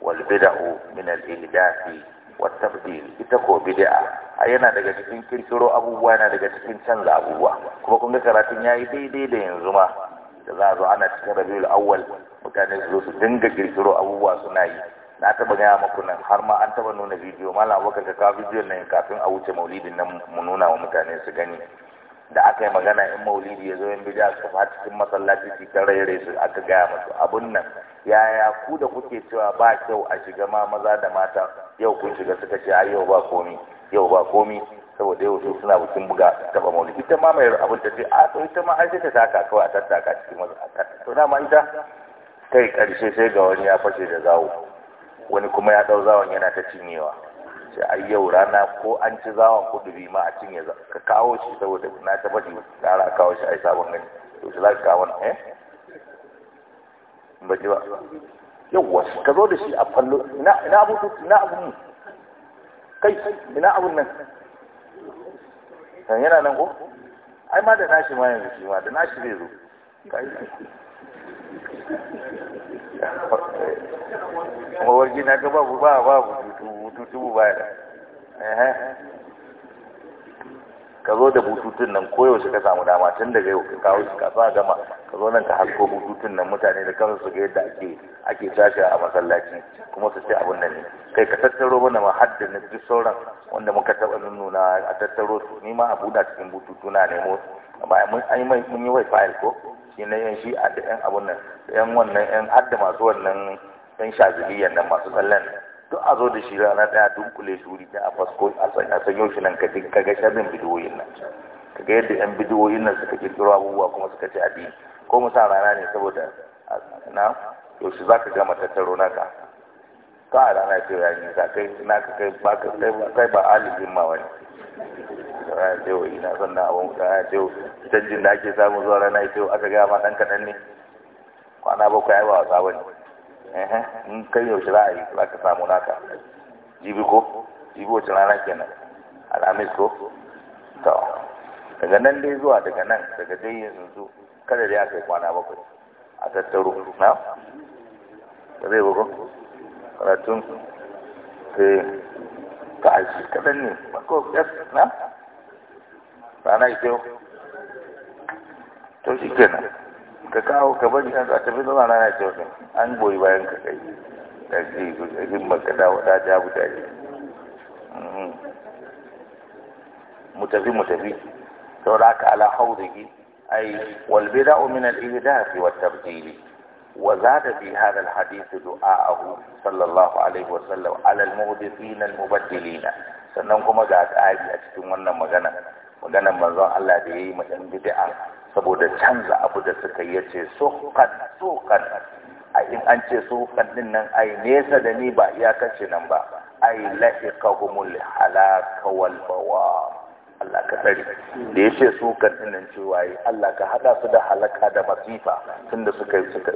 wal bid'u min al ilgafi wat tabdil ita ko bid'a a yana daga cikin kirkiro abubuwa yana daga cikin canza abubuwa kuma kun ga karatun yayi daidai da yanzu ma da za a zo ana cikin rabiul awwal mutane su zo su dinga kirkiro abubuwa suna yi na taba gaya muku nan har ma an taba nuna bidiyo malam abubakar ka kawo bidiyon nan kafin a wuce maulidin nan mu nuna wa mutane su gani da aka yi magana in maulidi ya zo yin bidiyo a fa cikin masallaci su ta raire su aka gaya musu abun nan yaya ku da kuke cewa ba kyau a shiga ma maza da mata yau kun shiga suka ce ai yau ba komi yau ba komi saboda yau su suna bikin buga taba maulidi ita ma mai abin ta ce a to ita ma ai sai ta saka kawai a tattaka cikin masallaci to dama ita kai karshe sai ga wani ya fashe da zawo wani kuma ya dau zawon yana ta cinyewa sai ai yau rana ko an ci zawon kudubi ma a cinye ka kawo shi saboda na ta faɗi gara a kawo shi a yi sabon gani to shi za ka kawo eh ba ji ba yawwa ka zo da shi a fallo ina abu ina abu kai ina abun nan kan yana nan ko ai ma da nashi ma yanzu shi ma da nashi zai zo kuma wargi babu ba babu bututu ba da ka zo da bututun nan koyaushe ka samu dama tun daga yau ka kawo shi gama ka zo nan ka hasko bututun nan mutane da kansu ga yadda ake ake tashi a masallaci kuma su ce abin nan ne kai ka tattaro mana ma hadda na duk sauran wanda muka taɓa nuna a tattaro su ni ma a buɗa cikin bututuna nemo mun yi wai fayil ko shi na yan shi da yan abun nan yan wannan yan hadda masu wannan yan shaziliyan nan masu tsallan duk a zo da shi rana daya dunkule shi wuri a fasko a sanyo shi nan kaji kaga shabin bidiyoyin nan kaga yadda yan bidiyoyin nan suka kirkiro abubuwa kuma suka ci abi ko mu sa rana ne saboda na yaushe za ka gama tattaro naka ka a rana ce yayin za kai na ka kai ba kai ba alibin ma wani rana ta yau ina son na abin rana ta yau canjin da ake samu zuwa rana ta yau aka gaya ma ɗan kaɗan ne kwana bakwai ai ba wasa ba ne in kai yaushe za a yi za ka samu naka jibi ko jibi wacce rana kenan alhamis ko to daga nan dai zuwa daga nan daga dai yanzu kada dai aka yi kwana bakwai a tattaro na ba zai ba ko karatun ka eh, aji kaɗan ne ba ko na rana ita kyau? to shi kenan ka kawo ka bari kan a tafi zama rana kyau ne? an goyi bayan ka kai da shi himmar ka dawo da ja buta shi mm-hmm. mu tafi mu tafi sauraka ala haudaki ai walbida'u min al-ihdath wa at-tabdil وزاد في هذا sallallahu alaihi wa sallam, عليه وسلم على المحدثين المبدلين sannan kuma ga tsari a cikin wannan magana maganar manzon Allah da yayi ma ɗan bid'a saboda canza abu da suka yi ce suqan suqan a in an ce suqan din nan ai nesa da ni ba kace nan ba ai lahiqahumul halaka wal bawa. Allah ka tsari da ya ce su kan nan cewa yi Allah ka hada su da halaka da masifa tun da suka suka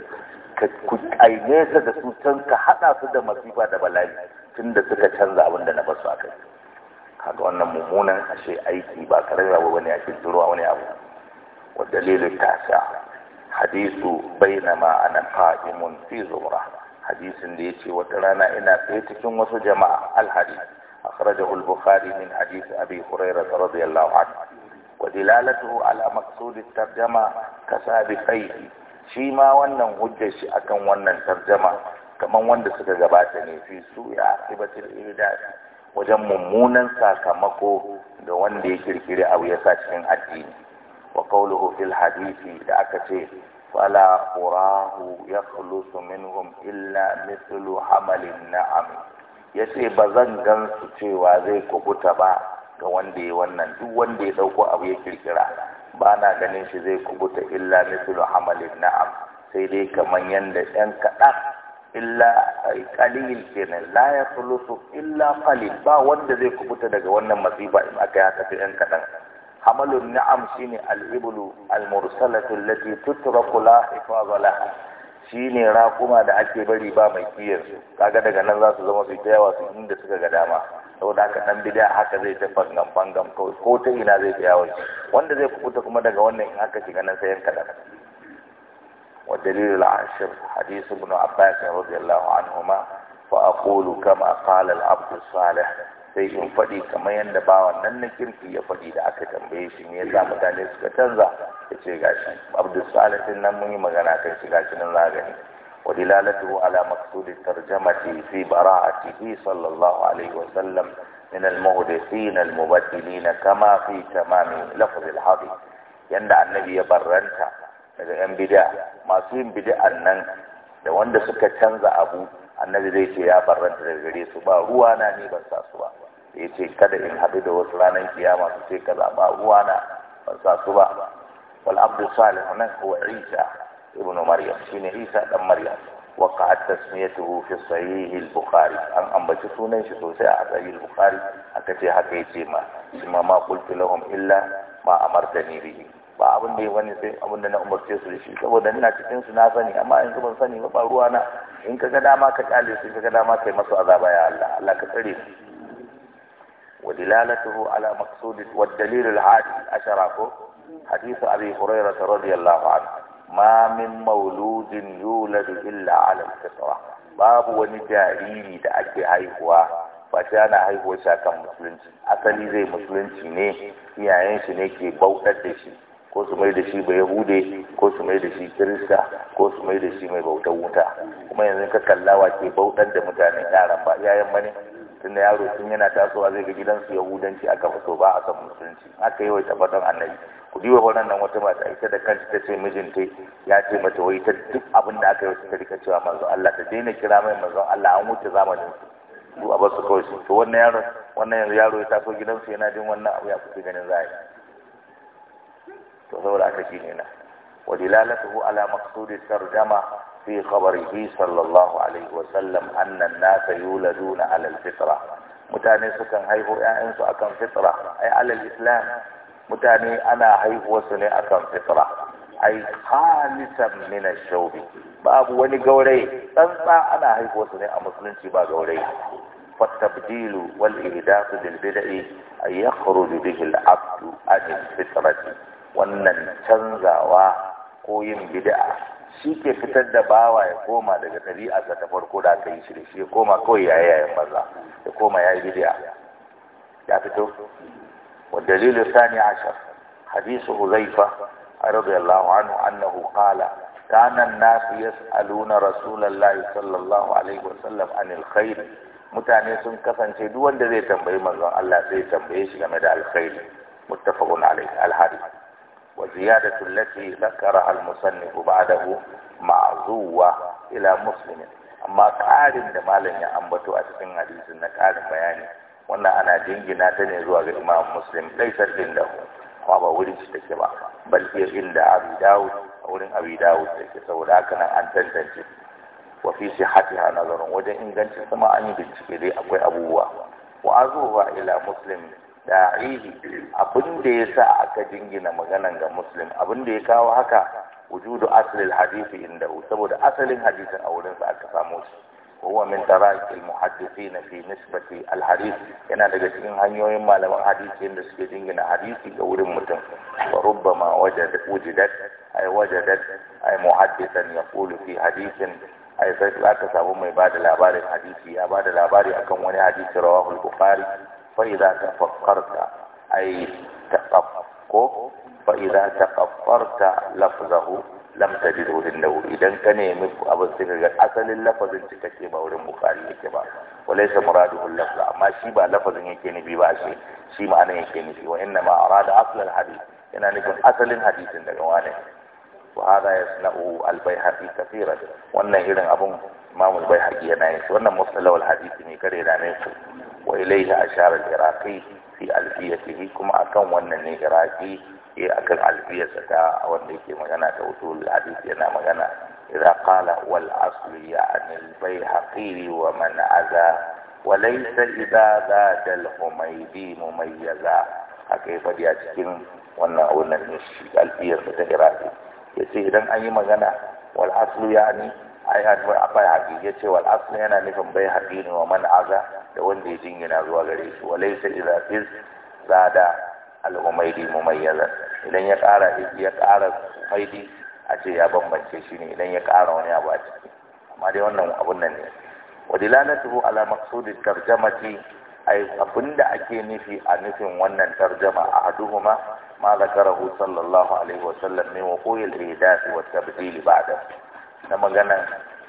ku ai nesa da su can ka hada su da masifa da bala'i tun da suka canza abin da na basu akai kaga wannan mummunan ashe aiki ba karami abu bane ake zuruwa wani abu wa dalilin tasa hadisu bainama ana qa'imun fi zumra hadisin da ya ce wata rana ina tsaye cikin wasu jama'a al-hadith akhrajahu al-bukhari min hadith abi hurairah radiyallahu anhu wa dilalatuhu ala maqsud at-tarjama kasabi khayhi shi ma wannan hujjar shi akan wannan tarjama Kamar wanda suka gabata ne fi suya ibatil ibdad wajen mummunan sakamako da wanda ya kirkiri abu ya sa cikin addini wa qawluhu fil hadisi da aka ce fala qurahu yakhlusu minhum illa mithlu hamalin na'am yace bazan gansu cewa zai kubuta ba ga wanda ya wannan duk wanda ya dauko abu ya kirkira ba na ganin shi zai kubuta illa mithlu hamalin na'am sai dai kaman yanda ɗan kaɗan illa qalil kenan la yakhlusu illa qalil ba wanda zai kubuta daga wannan masifa in aka ya tafi yan kadan hamalun ni'am shine al-iblu al-mursalatu allati tutraku la hifaza laha shine raƙuma da ake bari ba mai kiyar su kaga daga nan za su zama su ta yawa su inda suka ga dama saboda haka dan bid'a haka zai ta fangan fangan ko ta ina zai ta yawa wanda zai kubuta kuma daga wannan in aka shiga nan sai yan kadan والدليل العاشر حديث ابن عباس رضي الله عنهما فأقول كما قال العبد الصالح sai in faɗi kamar yadda bawan nan na kirki ya faɗi da aka tambaye shi me yasa mutane suka canza ya ce gashi abdul salatin nan mun yi magana kan shi gashi nan zagani wa dilalatuhu ala maqsudi tarjamati fi bara'atihi sallallahu alaihi wa sallam min al-muhdithin al-mubaddilin kama fi tamami lafz al-hadith yanda annabi ya barranta daga yan bid'a masu yin bid'an nan da wanda suka canza abu annabi zai ce ya barranta daga gare su ba ruwa na ne ban sa su ba ya ce kada in haɗu da wasu ranar kiyama su ce kaza ba ruwa na ban sa su ba wal abdu salih nan huwa isa ibnu maryam shine isa dan maryam Bukhari. An ambaci sunan shi sosai a sahih al-bukhari ساعة haka البخاري أكتي ma. ما ma qultu lahum illa ma amartani bihi ba abin da ya wani sai abin da na umarce su da shi saboda ina cikin su na sani amma yanzu ban sani ba ruwa na in ka ga dama ka kyale su in ka ga dama kai masu azaba ya Allah Allah ka tsare mu wa dilalatuhu ala maqsud wa dalil al hadi ashara ko hadith abi hurairah radiyallahu anhu ma min mauludin yuladu illa ala al fitra babu wani jariri da ake haihuwa face ana haihuwar shi akan musulunci asali zai musulunci ne iyayen shi ne ke bautar da shi ko su mai da shi ba yahude ko su mai da shi kirista ko su mai da shi mai bautar wuta kuma yanzu ka kallawa ke bautar da mutane yaran ba yayan bane tunda yaro tun yana tasowa zai ga gidansu yahudanci aka fito ba a san musulunci aka yi wa tabbatar annabi ku diba wannan nan wata mata ita da kanta ta ce mijinta ya ce mata wai ta duk abin da aka yi wata tarika cewa manzon Allah ta daina kira mai manzon Allah an wuce zamanin su a basu kawai su to wannan yaro wannan yaro ya taso gidansu yana jin wannan abu ya kuke ganin zai فهو الأكاديمينا ودلالته على مقصود الترجمة في خبره صلى الله عليه وسلم أن الناس يولدون على الفطرة متاني سكن هيفو يأنسو أكن فطرة أي على الإسلام متاني أنا هيفو سني أكن فطرة أي خالصا من الشوب باب وني قولي تنسى أنا هيفو سني أمسلم شبا قولي فالتبديل والإهداف للبدع أي يخرج به العبد عن الفطرة wannan canzawa ko yin bid'a shi ke fitar da bawa ya koma daga ɗabi'arsa ta farko da aka yi shi da shi ya koma kawai ya yi yayin maza ya koma ya yi bid'a ya fito wa dalilin sani ashar hadisu huzaifa radiyallahu anhu annahu qala كان الناس يسألون رسول الله صلى الله عليه وسلم عن mutane sun kasance duk wanda zai tambayi manzon Allah sai tambaye shi game da alkhairi muttafaqun alaihi alhadith وزيادة التي ذكرها المصنف بعده معزوة إلى مسلم أما قال إن لما يا أمبتو أتسن حديث إن قال بياني وأن أنا جنجنا تنزوا إمام مسلم ليس عنده وما ولد تكبا بل هي عند أبي داود أو أبي داود تكبا ولكن أن تنتج وفي صحتها نظر وجه إن كانت سماعني بنتكري أبو أبوه وأزوها إلى مسلم da'ihi abin da ya sa aka jingina maganan ga muslim abin da ya kawo haka wujudu asalin hadisi inda saboda asalin hadisin a wurinsa aka samu shi huwa min tarakil muhaddithina fi nisbati al hadith yana daga cikin hanyoyin malaman hadisi inda suke jingina hadisi ga wurin mutum wa rubbama wajada wujidat ay wajadat ay muhaddithan yaqulu fi hadithin ai sai aka samu mai ba da labarin hadisi ya ba da labari akan wani hadisi rawahul bukhari فإذا تفكرت أي تقفقه فإذا تقفرت لفظه lam tajidu indahu idan ka nemi abin sai ga asalin lafazin ci kake ba wurin bukhari yake ba walaysa muraduhu lafz amma shi ba lafazin yake nufi ba shi shi ma'anar yake nufi wa inna ma arada aslal hadith yana nufin asalin hadisin daga wani wa hada yasna'u al-baihaqi kathiran wannan irin abun imam al yana yin wannan mustalah al hadisi ne kare da وإليه أشار العراقي في ألفيته كما أكون وأن العراقي أكل ألفية ستاء وأنك مغنى توصول الحديث أنا مغنى إذا قال والأصل يعني البيهقي ومن أذى وليس إذا ذات الحميدي مميزا فكيف يتكلم وأن أولا الألفية ستا عراقي يسير أن أي مغنى والأصل يعني ai hadwa akwai haƙi ya ce wal asli yana nufin bai haƙi ne wa man aza da wanda ya jingina zuwa gare shi wa laysa idza iz zada al umaydi mumayyazan idan ya ƙara ya ƙara umaydi a ce ya bambance shi ne idan ya ƙara wani abu a ciki amma dai wannan abun nan ne wa dilalatuhu ala maqsudi tarjamati ai abinda ake nufi a nufin wannan tarjama a aduhuma ma zakarahu sallallahu alaihi wa sallam min wuqul ihdath wa tabdil ba'da na magana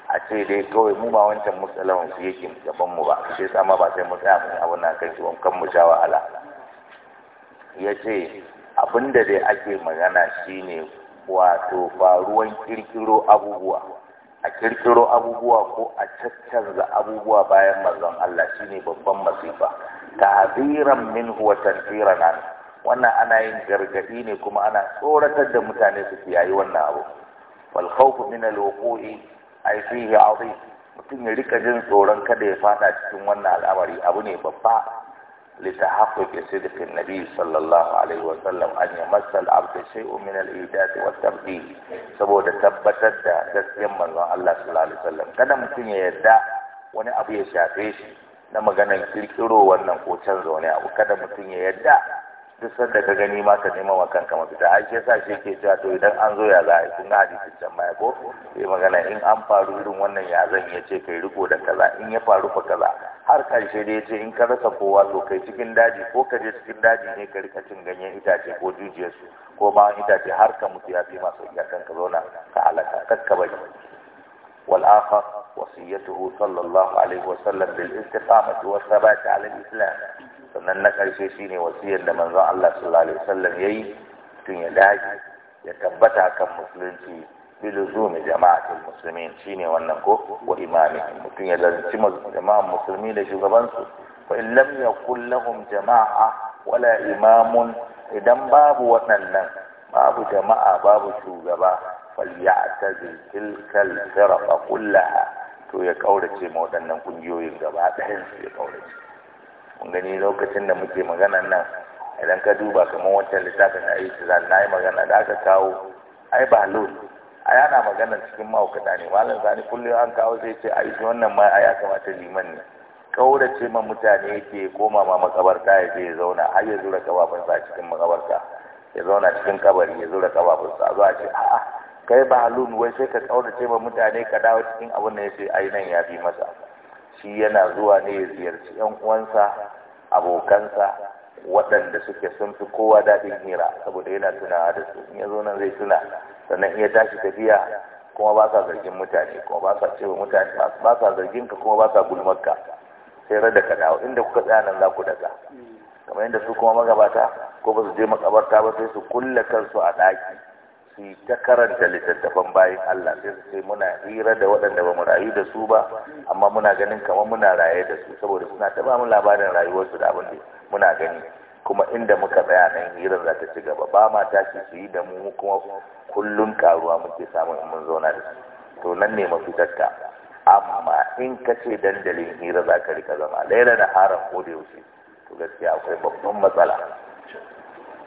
a ce dai kawai mu ba wancan matsalan su yake gaban mu ba shi yasa ma ba sai mu tsaya mu abin na kan shi kan mu sha wahala yace abinda dai ake magana shine wato faruwan kirkiro abubuwa a kirkiro abubuwa ko a caccanza abubuwa bayan manzon Allah shine babban masifa ta'ziran minhu wa tanfiran wannan ana yin gargadi ne kuma ana tsoratar da mutane su kiyaye wannan abu wal khawfu min al ay fihi mutum ya rika jin tsoron kada ya fada cikin wannan al'amari abu ne babba sallallahu alaihi wa sallam an عليه وسلم shay'un min al شيء wa الإيجاد tabdil saboda tabbatar da gaskiyar manzon Allah sallallahu alaihi sallam kada mutum ya yarda wani abu ya shafe shi na maganar kirkiro wannan ko canza wani abu kada mutum ya yarda duk sanda ka gani ma ka nema wa kanka mafita a ke sa shi ke cewa to idan an zo ya za a yi kun ga hadisin can ma ko sai magana in an faru irin wannan ya zan ya ce kai riko da kaza in ya faru fa kaza har karshe da ya ce in ka rasa kowa to kai cikin daji ko ka je cikin daji ne ka rika cin ganyen itace ko jujiyarsu ko ma itace har ka mutu ya fi masu iyakan ka zauna ka halaka ka bari wal akhar wasiyatuhu sallallahu alaihi wa sallam bil istiqamati wa sabati ala al islam sannan na ƙarshe shine wasiyar da manzon Allah sallallahu alaihi wasallam yayi tun ya dace ya tabbata kan musulunci biluzumi jama'atul muslimin shine wannan ko wa imami mutum ya lanci jama'an musulmi da shugabansu fa in lam yakul lahum jama'a wala imamun idan babu waɗannan babu jama'a babu shugaba falyatazil tilkal firqa kullaha to ya kaurace ma waɗannan kungiyoyin gaba ɗayan su ya kaurace mun gani lokacin da muke magana nan idan ka duba kamar wancan littafin a yi tizan na yi magana da aka kawo ai ba lon a yana magana cikin mahaukata ne malam sani kullum an kawo zai ce shi wannan ma a ya kamata liman ne ce ma mutane yake koma ma makabarta ya je ya zauna har ya zura a cikin makabarta ya zauna cikin kabari ya zura kababansa zuwa ce a'a kai ba halun wai sai ka ce ma mutane ka dawo cikin abin da ya ce ai nan ya fi masa shi yana zuwa ne ya ziyarci yan uwansa abokansa waɗanda suke sun fi kowa daɗin hira saboda yana tunawa da su ya zo nan zai tuna sannan iya tashi tafiya kuma ba sa zargin mutane kuma ba sa cewa mutane ba sa zargin ka kuma ba sa gulmarka sai rada ka dawo inda kuka tsaya nan za ku daga kamar yadda su kuma magabata ko ba su je makabarta ba sai su kulle kansu a ɗaki su ta karanta littattafan bayan Allah sai su sai muna hira da waɗanda ba mu rayu da su ba amma muna ganin kamar muna raye da su saboda suna taɓa mu labarin rayuwarsu da abin da muna gani kuma inda muka tsaya nan hirar za ta ci gaba ba ma ta tashi su yi da mu kuma kullum karuwa muke samu in mun zauna da su to nan ne mafi tatta, amma in ka ce dandalin hira za ka rika zama laila da haram ko da yaushe to gaskiya akwai babban matsala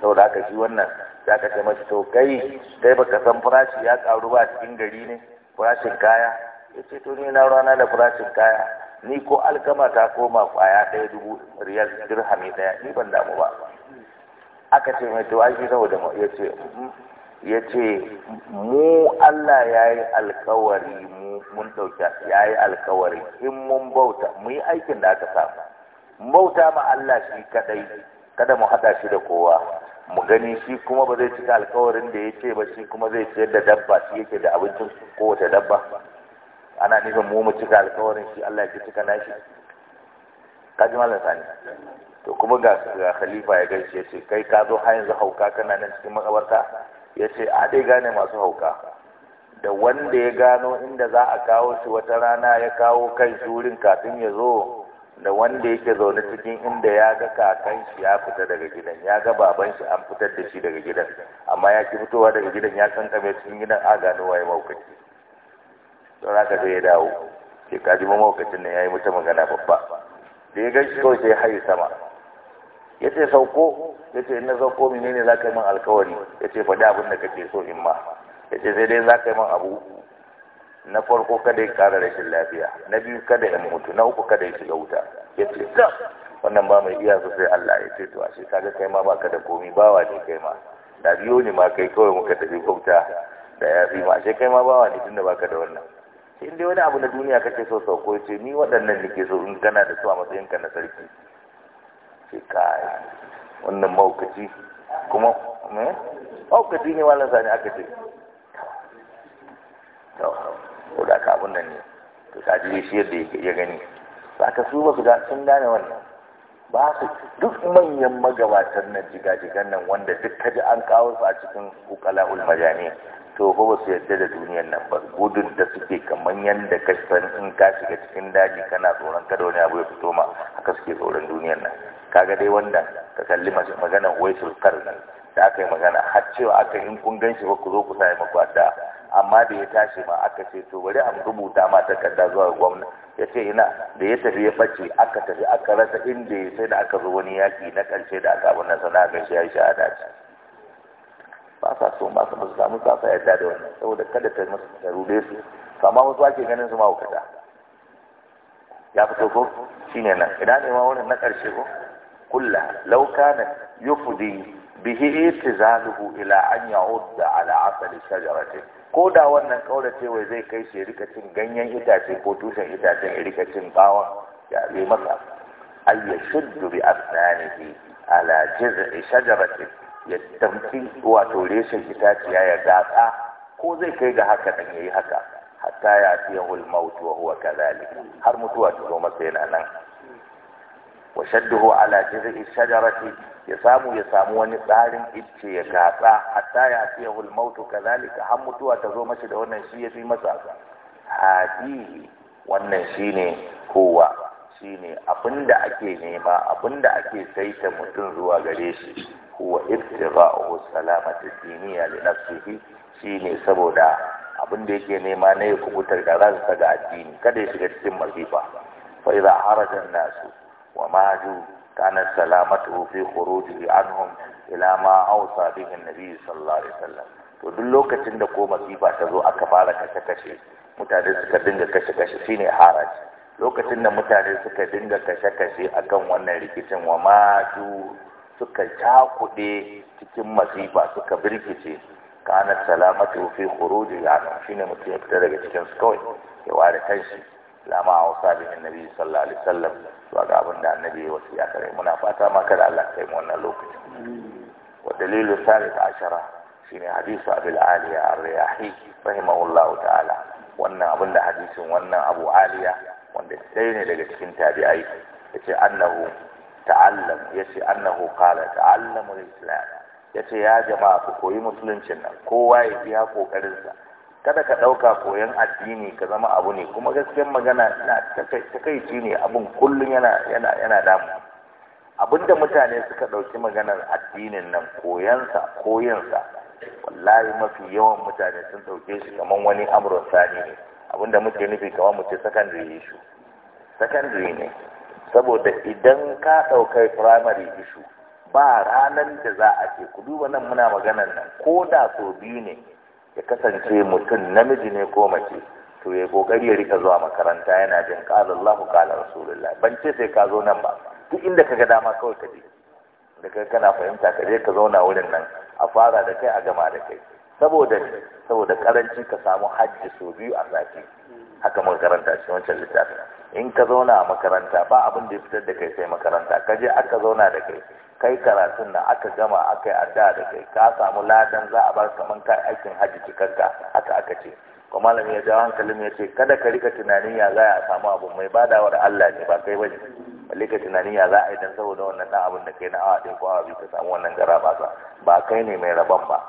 saboda aka shi wannan za ka ce mashi to kai kai baka san farashi ya karu ba cikin gari ne farashin kaya ya ce to ni na rana da farashin kaya ni ko alkama ta koma kwaya ɗaya dubu riyal dirhami ɗaya ni ban damu ba aka ce mai to shi saboda mu ya ce mm-hmm. ya ce mu Allah ya yi alkawari mun ɗauki ya yi alkawari in mun bauta mu yi aikin da aka samu bauta ma Allah shi kadai kada mu haɗa shi da kowa mu gani shi kuma ba zai cika alkawarin da ya ce ba shi kuma zai ciyar da dabba shi yake da abincin kowace dabba ana nufin mu mu cika alkawarin shi Allah ya cika nashi kaji malam sani to kuma ga khalifa ya gaishe ya kai ka zo har yanzu hauka kana nan cikin makabarta ya ce a dai gane masu hauka da wanda ya gano inda za a kawo shi wata rana ya kawo kai shi wurin kafin ya zo da wanda yake zaune cikin inda ya ga kakan shi ya fita daga gidan ya ga baban shi an fitar da shi daga gidan amma ya ki fitowa daga gidan ya kame cikin gidan a gano waye maukaci don haka sai ya dawo ke kaji ma maukacin nan ya yi mutum magana babba da ya gaishe kawai sai hayi sama ya ce sauko ya ce ina sauko menene za ka yi min alkawari ya ce faɗi abin da kake so in ma ya ce sai dai za ka yi min abu na farko kada ya kara rashin lafiya na biyu kada ya mutu na uku kada ya shiga wuta ya ce wannan ba mai iya sosai Allah ya ce to ashe kaga kai ma baka da komi bawa ne kai ma da biyo ne ma kai kawai muka tafi bauta. da ya fi ma ashe kai ma bawa ne tunda baka da wannan sai in dai wani abu na duniya kake so ko ce ni waɗannan nake so in kana da su a matsayin ka na sarki ce kai wannan maukaci kuma me eh? maukaci ne malam sani aka ce ko da ka abun nan ne to kaji shi yadda yake ya gani ka su ba su ga sun gane wannan ba su duk manyan magabatar na jigajigan nan wanda duk ka ji an kawo su a cikin kukala ulmajani to ba ba su yadda da duniyar nan ba gudun da suke kamar yadda ka san in ka shiga cikin daji kana tsoron kada wani abu ya fito ma haka suke tsoron duniyan nan kaga dai wanda ka kalli maganar waisul nan, da aka yi magana har cewa aka in kun gan shi ba ku zo ku sami maku addu'a amma da ya tashi ma aka ce to bari a rubuta ma takarda zuwa gwamna ya ce ina da ya tafi ya bace aka tafi aka rasa inda ya sai da aka zo wani yaki na ƙarshe da aka abin na sana ga shi ya yi shahada ce ba sa so masu su samu sa yadda da wannan saboda kada ta musu ta rude su kama wasu ake ganin su ma ya fito ko ne nan idan ne ma wani na ƙarshe ko kulla law kana yufdi bihi itizaluhu ila an ya'udda ala asali shajaratin ko da wannan kauracewa zai kai shi rika cin ganyen itace ko tushen itacen ya rika cin bawon ya zai masa ayya shuddu bi asnanihi ala jiz'i shajaratin ya tamki wato reshen itaciya ya gatsa ko zai kai ga haka dan yayi haka hatta ya tiyahu al-maut wa huwa kadhalik har mutuwa ta zo masa yana nan wa shadduhu ala jiz'i shajarati ya samu ya samu wani tsarin ice ya gatsa hatta ya fiye hulmautu kazalika har mutuwa ta zo mashi da wannan shi ya fi masa hadihi wannan shi ne kowa shi shine abinda ake nema abinda ake saita mutum zuwa gare shi huwa ibtigha'u salamati diniya li nafsihi shine saboda abinda yake nema na ya kubutar da ransa ga addini kada ya shiga cikin mazifa fa idza harajan nasu wa maju كانت سلامته في خروجه عنهم إلى ما أوصى به النبي صلى الله عليه وسلم to duk lokacin da ko masifa ta zo aka fara kashe-kashe mutane suka dinga kashe-kashe shine haraji lokacin da mutane suka dinga kashe-kashe akan wannan rikicin wa matu suka cakuɗe cikin masifa suka birkice kana salamatu fi khuruji yana shine mutum ya fita daga cikin su kawai ya ware kanshi lama a wasa bin annabi sallallahu alaihi wasallam zuwa ga abin da annabi ya wasu ya kare muna fata ma kada Allah kai mu wannan lokacin wa dalilu salis ashara shine hadisu abil aliya ar-riyahi rahimahullahu ta'ala wannan abin da hadisin wannan abu aliya wanda sai ne daga cikin tabi'ai yace annahu ta'allam yace annahu qala ta'allamu al-islam yace ya jama'a ku koyi musuluncin nan kowa ya biya kokarin sa kada ka ɗauka koyon addini ka zama abu ne kuma gaskiyar magana na takaici ne abin kullum yana yana yana damu mutane suka ɗauki maganar addinin nan koyansa koyansa wallahi mafi yawan mutane sun ɗauke shi kamar wani amuran sani ne abinda muke nufi kamar mu ce secondary issue secondary ne saboda idan ka ɗaukai primary issue ba ranar da za a ce ku duba nan muna maganar nan ko da so biyu ne ya kasance mutum namiji ne ko mace to ya kokari ya rika zuwa makaranta yana jin qala Allahu qala Rasulullah ban ce sai ka zo nan ba duk inda kaga dama kawai ka je da kai kana fahimta ka je ka zauna wurin nan a fara da kai a gama da kai saboda saboda karanci ka samu hajji so biyu a zafi. haka makaranta shi wancan littafin in ka zauna a makaranta ba abin da ya fitar da kai sai makaranta ka je aka zauna da kai kai karatun da aka gama aka yi adda da kai ka samu ladan za a bar kaman ka aikin hajji cikakka haka aka ce kuma malami ya jawo hankalin ya ce kada ka rika tunanin ya za a samu abu mai bada badawar Allah ne ba kai bane balle tunanin ya za a yi dan saboda wannan dan abin da kai na awa ɗaya ko awa biyu ka samu wannan gara ba ba kai ne mai rabon ba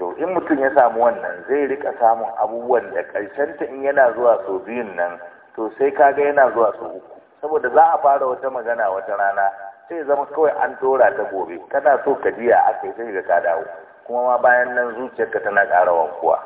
to in mutum ya samu wannan zai rika samun abubuwan da ta in yana zuwa sau biyun nan to sai kaga yana zuwa sau uku saboda za a fara wata magana wata rana sai zama kawai an tora ta gobe kana so ka jiya a kai sai ka dawo kuma ma bayan nan zuciyarka tana ƙara wankuwa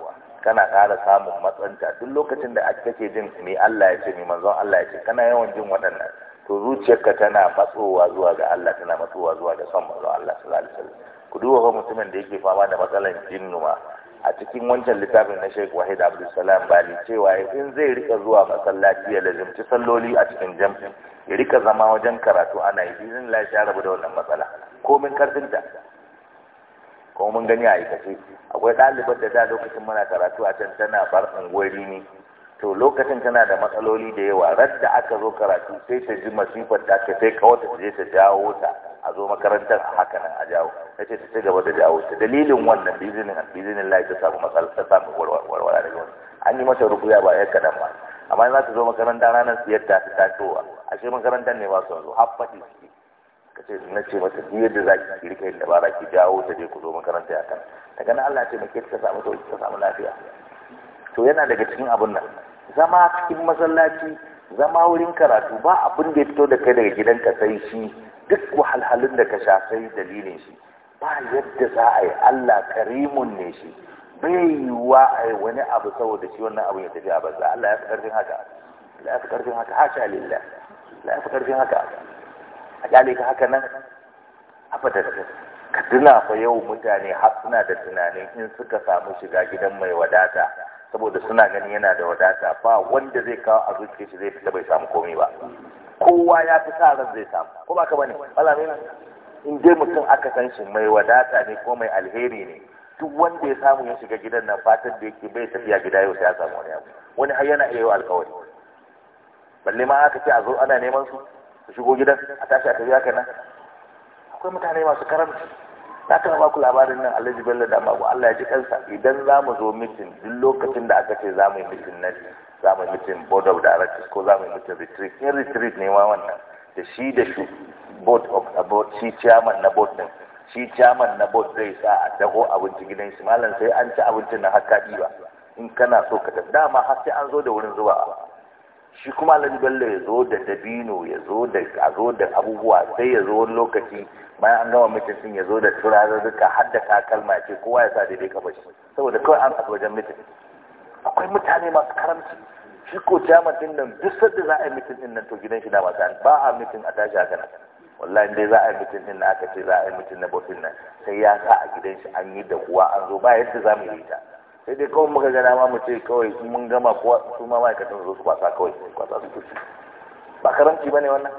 kana ƙara samun matsanta duk lokacin da ake kake jin me Allah ya ce me manzon Allah ya ce kana yawan jin waɗannan to zuciyarka tana matsowa zuwa ga Allah tana matsowa zuwa ga son manzon Allah sallallahu alaihi wasallam ku duba fa mutumin da yake fama da matsalan jinnuma a cikin wancan littafin na Sheikh Wahid Abdul Salam Bali cewa in zai rika zuwa masallaci ya lazimci salloli a cikin jam'i ya rika zama wajen karatu ana yi izin la ya rabu da wannan matsala komin ta kuma mun gani a aikace akwai ɗalibar da da lokacin muna karatu a can tana bar unguwari ne to lokacin tana da matsaloli da yawa da aka zo karatu sai ta ji masifar da ta sai kawata ta je ta jawo ta a zo makarantar a haka nan a jawo ta ce ta ci gaba da jawo ta dalilin wannan bizinin bizinin lai ta samu matsala ta samu warwara da wani an yi mata rukuya ba ya kaɗan ba amma za su zo makaranta ranar siyar ta ta tasowa ashe makarantar ne ba su zo har faɗi suke ka ce na ce mata duk yadda za ki rika yin dabara ki jawo ta je ku zo makaranta ya kan daga gani Allah ce muke ta samu sauki ta samu lafiya to yana daga cikin abun nan zama cikin masallaci zama wurin karatu ba abin da ya fito da kai daga gidanka sai shi duk wahalhalun da ka sha sai dalilin shi ba yadda za a yi Allah karimun ne shi bai yiwuwa a yi wani abu saboda shi wannan abu ya tafi a banza Allah ya fi karfin haka Allah ya fi karfin haka sha lillah Allah ya fi karfin haka a kyale ka haka nan a da ka tuna fa yau mutane har suna da tunanin in suka samu shiga gidan mai wadata saboda suna ganin yana da wadata ba wanda zai kawo a zuciya shi zai fita bai samu komai ba kowa ya fi sa ran zai samu ko ba ka bane malamin in dai mutum aka san shi mai wadata ne ko mai alheri ne duk wanda ya samu ya shiga gidan nan fatan da yake bai tafiya gida yau sai ya samu wani abu wani har yana iya yau alkawari balle ma aka ce a zo ana neman su su shigo gidan a tashi a tafi haka nan akwai mutane masu karamci na ba ku labarin nan Alhaji Bello da mako Allah ya ji kansa idan za mu zo mitin duk lokacin da aka ce za mu yi mitin nan za mu yi mitin board of directors ko za mu yi mitin retreat in retreat ne ma wannan da shi da shi board of about shi chairman na board din shi chairman na board zai sa a dago abinci gidan shi malam sai an ci abincin na hakka ba in kana so ka tafi dama har sai an zo da wurin zuwa shi kuma alhaji bello ya zo da dabino ya zo da a zo da abubuwa sai ya zo wani lokaci bayan an gama mitin ya zo da duka har da takalma ya ce kowa ya sa daidai ka bashi. saboda kawai an haɗu wajen mitin akwai mutane masu karamci shi ko jama'a din nan duk sadda za a yi mitin din nan to gidan shi na masu ba a mitin a tashi haka nan wallahi dai za a yi mutum din na aka ce za a yi mutum na bafin nan sai ya sa a gidan shi an yi da kuwa an zo ba yadda za mu yi ta sai dai kawai muka gana ma mu ce kawai sun mun gama kuwa su ma ma'aikatan zo su kwasa kawai kwasa su kusa ba karamci ba ne wannan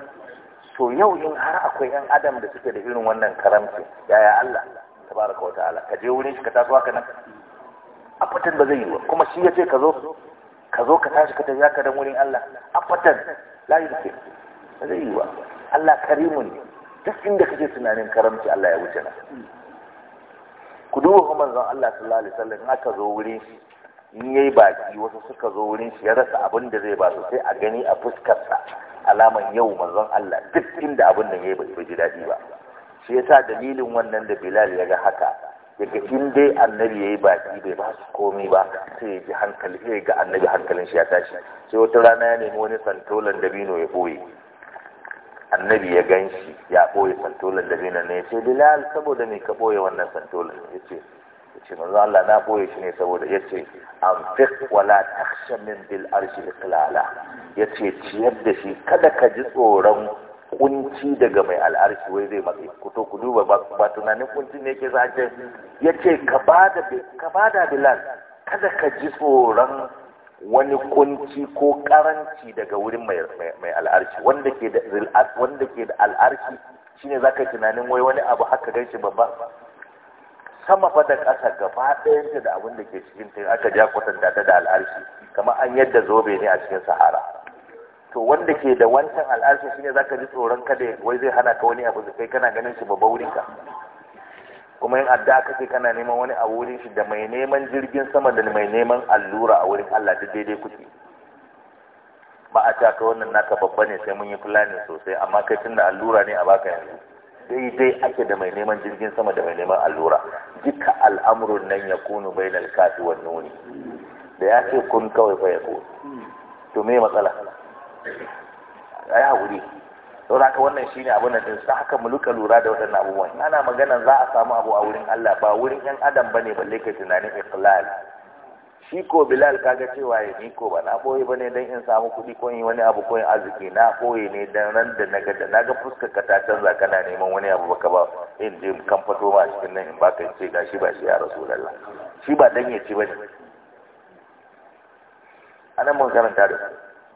to yau in har akwai yan adam da suke da irin wannan karamci yaya Allah tabaraka wa ta'ala ka je wurin shi ka taso haka nan a fatan ba zai yi ba kuma shi ya ce ka zo ka zo ka tashi ka tafi haka da wurin Allah a fatan da ke ba zai yi ba Allah karimu ne duk inda kake tunanin karamci Allah ya wuce na ku duba kuma manzon Allah sallallahu alaihi wasallam in aka zo wurin shi in yayi baki wasu suka zo wurin shi ya rasa abin da zai ba su sai a gani a fuskar sa alaman yau manzon Allah duk inda abin nan yayi bai ji dadi ba shi yasa dalilin wannan da Bilal ya ga haka daga in dai annabi yayi baki bai ba su komai ba sai ya ji hankali sai ga annabi hankalin shi ya tashi sai wata rana ya nemi wani santolan dabino ya boye annabi ya gan shi ya ɓoye santolan da bina ne ce bilal saboda me ka ɓoye wannan santolan ya ce ya ce manzo Allah na ɓoye shi ne saboda ya ce an fiq wala takhsha min bil arshi iqlala ya ce ciyar da shi kada ka ji tsoron kunci daga mai al'arshi wai zai matsayi ku ku duba ba tunanin kunci ne yake sace ya ce ka bada bilal kada ka ji tsoron wani kunci ko karanci daga wurin mai al'arci wanda ke da wanda ke da al'arshi shine tunanin wai wani abu haka ganshi babba sama fa da ƙasa gaba da abin da ke cikin ta aka ja kwatanta ta da al'arci kamar an yadda zobe ne a cikin sahara to wanda ke da wancan al'arshi shine zaka ji tsoron kada wai zai hana ka wani abu kai kana ganin shi babba wurin kuma yin adda kake kana neman wani abu wurin shi da mai neman jirgin sama da mai neman allura a wurin Allah duk daidai kuke ba a ta wannan naka babba ne sai mun yi fulani sosai amma kai tunda allura ne a baka yanzu daidai ake da mai neman jirgin sama da mai neman allura duka al'amurin nan ya kunu bainal kafi wan nuni da ya ce kun kawai fa ya to me matsala ai hakuri sau da wannan shi ne abin da ɗin haka mu luka lura da waɗannan abubuwan ana magana za a samu abu a wurin Allah ba wurin yan adam ba ne balle kai tunanin ikhlal shi ko bilal kaga cewa ya ni ko ba na boye ba ne in samu kuɗi ko in wani abu ko in arziki na koyi ne dan ran da naga da naga fuskar ka ta canza kana neman wani abu baka ba in je kan fato ba cikin nan in baka ce ga shi ba shi ya rasulullah shi ba dan ya ci ba ne anan mun karanta da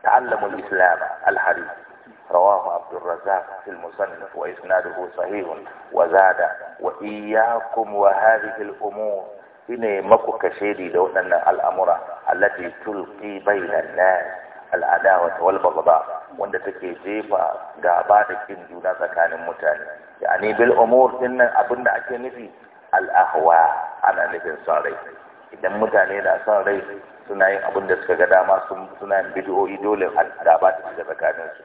ta'allamul islam al-hadith رواه عبد الرزاق في المصنف وإسناده صحيح وزاد وإياكم وهذه الأمور إني مكو كشيدي دون الأمر التي تلقي بين الناس العداوة والبغضاء wanda take jefa gaba da kin juna tsakanin mutane yani bil umur din abinda ake nufi al ahwa ana nufin son rai idan mutane da son rai suna yin abinda suka ga dama suna yin dole gaba ta tsakanin su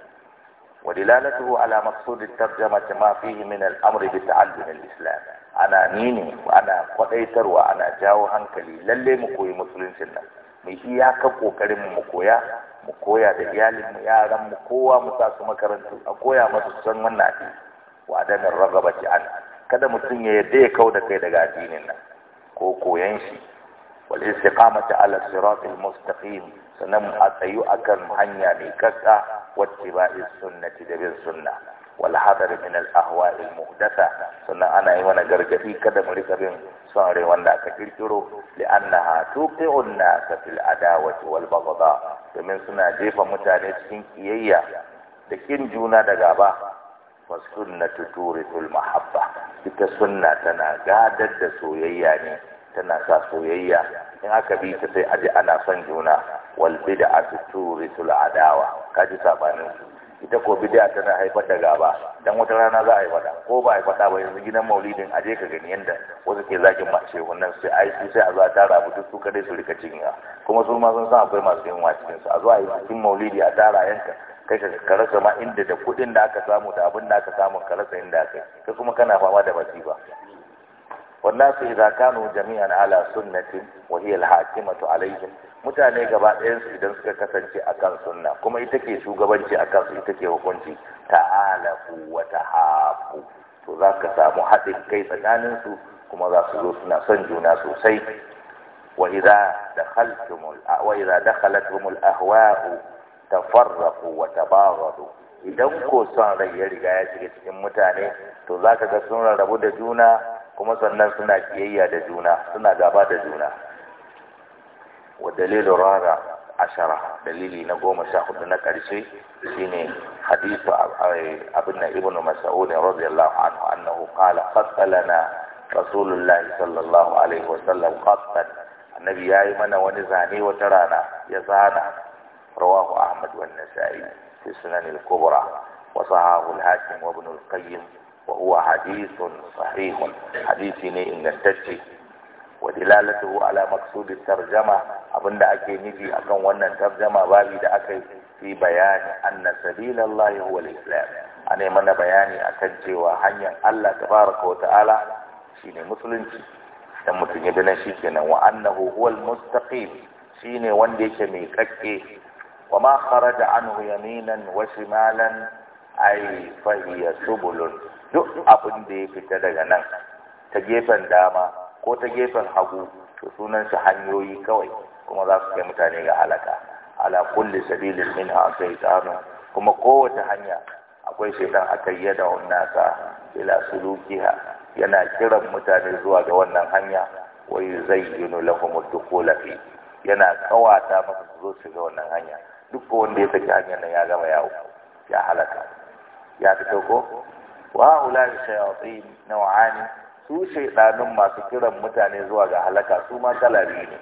ودلالته على مقصود الترجمة ما فيه من الأمر بتعلم الإسلام أنا نيني وأنا قديتر وأنا جاو هنكلي للي مكوي مسلم سنة mai iyakar kokarin mu koya mu koya da iyalin mu yaran mu kowa mu sa su makarantu a koya masu san wannan addini ragabati an kada mutum ya yarda ya kau da kai daga addinin nan ko koyan shi wal istiqamati ala siratil mustaqim sanan a tsayu akan hanya mai kakka wacce ba is sunnati da bin sunna wal hadar min al ahwa'i al muhdatha sanan ana yi wani gargadi kada mu rika bin sare wanda aka kirkiro li'annaha tuqi'u an-nas fil adawati wal baghdha domin suna jefa mutane cikin kiyayya da kin juna da gaba fa sunnatu turitul mahabba ita sunna tana gadar da soyayya ne tana sa soyayya in aka bi ta sai aji ana son juna wal bid'atu turisul adawa kaji sabanin ita ko bid'a tana haifar da gaba dan wata rana za a yi fada ko ba a yi fada ba yanzu gidan maulidin aje ka gani yanda wasu ke zakin mace wannan sai ai su sai a zo a tara mu duk su kadai su rika cinya kuma su ma sun san akwai masu yin cikin su a zo a yi cikin maulidi a tara yanka kai ka karasa ma inda da kuɗin da aka samu da abin da aka samu karasa inda kai kai kuma kana fama da masifa والناس إذا كانوا جميعا على سنة وهي الحاكمة عليهم mutane gaba ɗayan su idan suka kasance a kan sunna kuma ita ke shugabanci a su ita ke hukunci ta'alaku wa tahabu to za ka samu haɗin kai tsakanin su kuma za su zo suna son juna sosai wa idza dakhaltumul wa idza dakhalatumul ahwa'u tafarraqu wa tabaghadu idan ko son rai ya riga ya shiga cikin mutane to zaka ga sun rarrabu da juna kuma sannan suna kiyayya da juna suna gaba da juna wa dalilu rara ashara dalili na goma sha hudu na karshe shine hadithu abin na ibnu mas'ud radiyallahu anhu annahu qala qattalana rasulullahi sallallahu alaihi wa sallam qattan annabi yayi mana wani zane wata rana ya zana rawahu ahmad wan nasai fi sunan al-kubra wa sahahu al-hakim wa ibn al-qayyim wa huwa hadithun sahihun hadisi ne ingantacce wa dilalatuhu ala maqsudi tarjama abinda ake nufi akan wannan tarjama babu da aka yi fi bayani anna sabilallahi huwa al-islam ana mana bayani akan cewa hanyar Allah tabaraka wa ta'ala shine musulunci dan mutum ya dana shi kenan wa annahu huwa al-mustaqim shine wanda yake mai kakke wa ma kharaja anhu yaminan wa malam ay fa hiya subulun duk abin da ya fita daga nan ta gefen dama ko ta gefen hagu to sunan su hanyoyi kawai kuma za su kai mutane ga halaka ala kulli sabilin min ha tsano kuma kowace hanya akwai shaytan akai yada nasa ila sulukiha yana kiran mutane zuwa ga wannan hanya zai yuzayyinu lahum dukula fi yana kawata masa su zo wannan hanya duk wanda ya saki hanyar nan ya gama yawo ya halaka ya fito ko wa tsayi na naw'ani su shaidanun masu kiran mutane zuwa ga halaka su ma kala biyu ne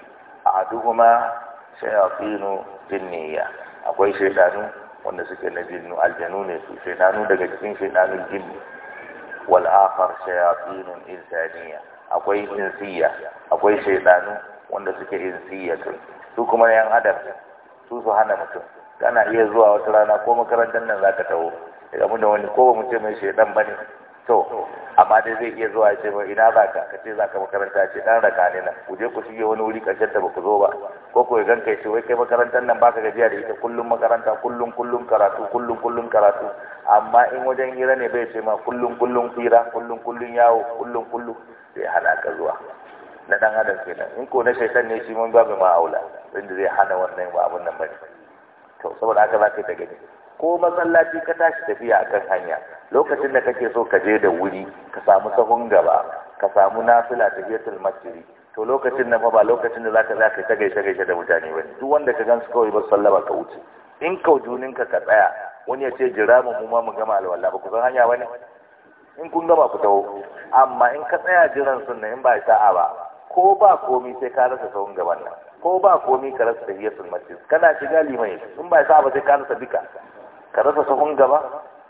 ahaduhuma shayatinu jinniya akwai shaidanu wanda suke na jinnu aljanu ne su shaidanu daga cikin shaidanun jinni wal akhar shayatinun insaniya akwai insiya akwai shaidanu wanda suke tun. su kuma yan adam su su hana mutum kana iya zuwa wata rana ko makarantar nan zaka taho gamu da wani kowa mutum mai shaidan ne to amma dai zai iya zuwa ce mai ina baka ka kace za ka makaranta ce dan raka ne nan ku je ku shige wani wuri karshen da ku zo ba ko ko gan kai ce wai kai makarantar nan baka gajiya da ita kullum makaranta kullum kullum karatu kullum kullum karatu amma in wajen hira ne bai ce ma kullum kullum hira kullum kullum yawo kullum kullum zai hana ka zuwa na dan adam kenan in ko na shaitan ne shi mun babu ma'aula inda zai hana wannan ba abun nan bane to saboda haka za ka ta gani ko masallaci ka tashi tafiya a kan hanya lokacin da kake so ka je da wuri ka samu sahun gaba ka samu nafila tahiyatul masjid to lokacin na fa ba lokacin da zaka ka ta gaishe gaishe da mutane wani, duk wanda ka gansu kawai ba sallaba ka wuce in kaujunin ka ka tsaya wani ya ce jira mu mu ma mu gama alwala ba ku san hanya ba ne? in kun gama ku taho amma in ka tsaya jiran sunna in ba sa'a ba ko ba komi sai ka rasa sahun gaban nan ko ba komi ka rasa tahiyatul masjid kana shiga limai in ba sa'a ba sai ka rasa duka ka rasa sahun gaba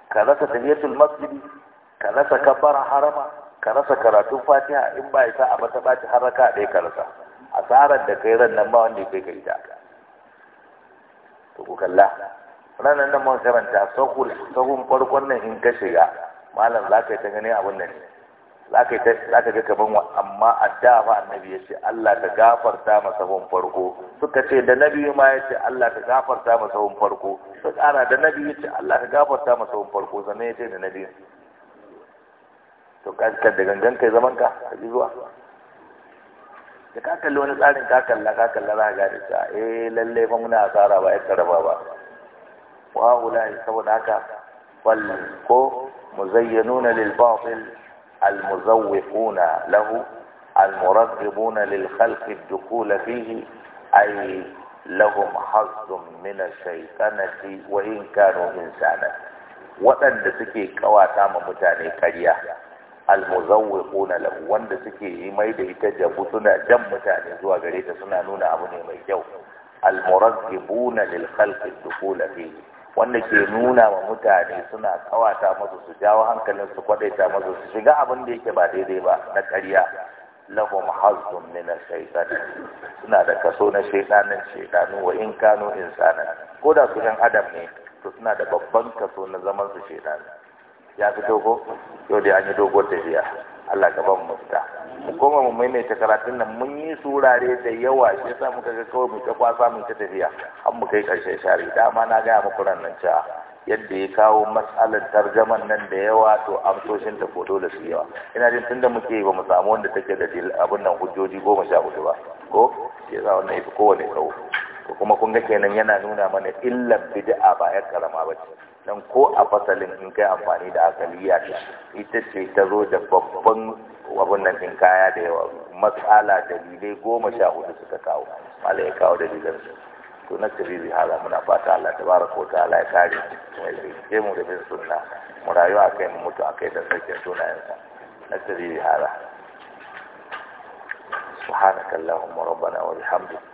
ka rasa tahiyatul masjidi ka rasa kabbara harama ka rasa karatun fatiha in ba isa a mata baci har raka ɗaya ka rasa asarar da kai ran nan ba wanda ya kai ka ita to ku kalla ranar nan mun karanta sahun farkon nan in ka shiga malam zaka yi ta gani abin nan ne za ka ga kaman wa amma a dama annabi ya ce Allah ka gafarta masa hon farko suka ce da nabi ma ya ce Allah ka gafarta masa hon farko su kara da nabi ya ce Allah ka gafarta masa hon farko zane ya ce da nabi to ka da gangan kai zaman ka ka ji zuwa da ka kalli wani tsarin ka kalla ka kalla za ka gane ta eh lalle fa muna asara ba ya karaba ba wa yi saboda haka wal ko muzayyanuna lil batil المزوفون له المرغبون للخلق الدخول فيه أي لهم حظ من الشيطنة وإن كانوا إنسانا waɗanda suke kawata ma mutane ƙarya almuzawwiquna lahu wanda suke yi mai da ita jabu suna jan mutane zuwa gare ta suna nuna abu ne mai kyau almurakkibuna lil khalqi dukhula fihi wanda ke nuna wa mutane suna kawata masu su jawo hankalin su kwadaita masu su shiga abin da yake ba daidai ba na ƙarya lahum hazzun min ash-shaytan suna da kaso na shaytanin shaytanu wa in kanu insana ko da su ɗan adam ne to suna da babban kaso na zaman su shaytan ya fito ko yau dai an yi dogon tafiya Allah ka ban mafita mu koma mu maimaita karatun nan mun yi surare da yawa shi yasa muka ga kawai mu ta kwasa mu ta tafiya an mu kai karshen share dama na gaya muku ran nan cewa yadda ya kawo matsalar targaman nan da yawa to amsoshin ta foto da su yawa ina jin tunda muke ba mu samu wanda take da abin nan hujjoji goma sha hudu ba ko shi yasa wannan yafi kowane kawo kuma kun ga kenan yana nuna mana illar bid'a ba ya karama ba ce dan ko a fasalin in kai amfani da akaliya ita ce ta zo da babban abin nan din kaya da yawa matsala dalilai goma sha hudu suka kawo malai ya kawo dalilan su to na tiriri hala muna fata Allah tabaraka wa ta'ala ya kare mu ce mu da bin sunna mu rayu kai mu mutu kai da sarkin sunayensa na tiriri hala subhanakallahumma rabbana wa bihamdika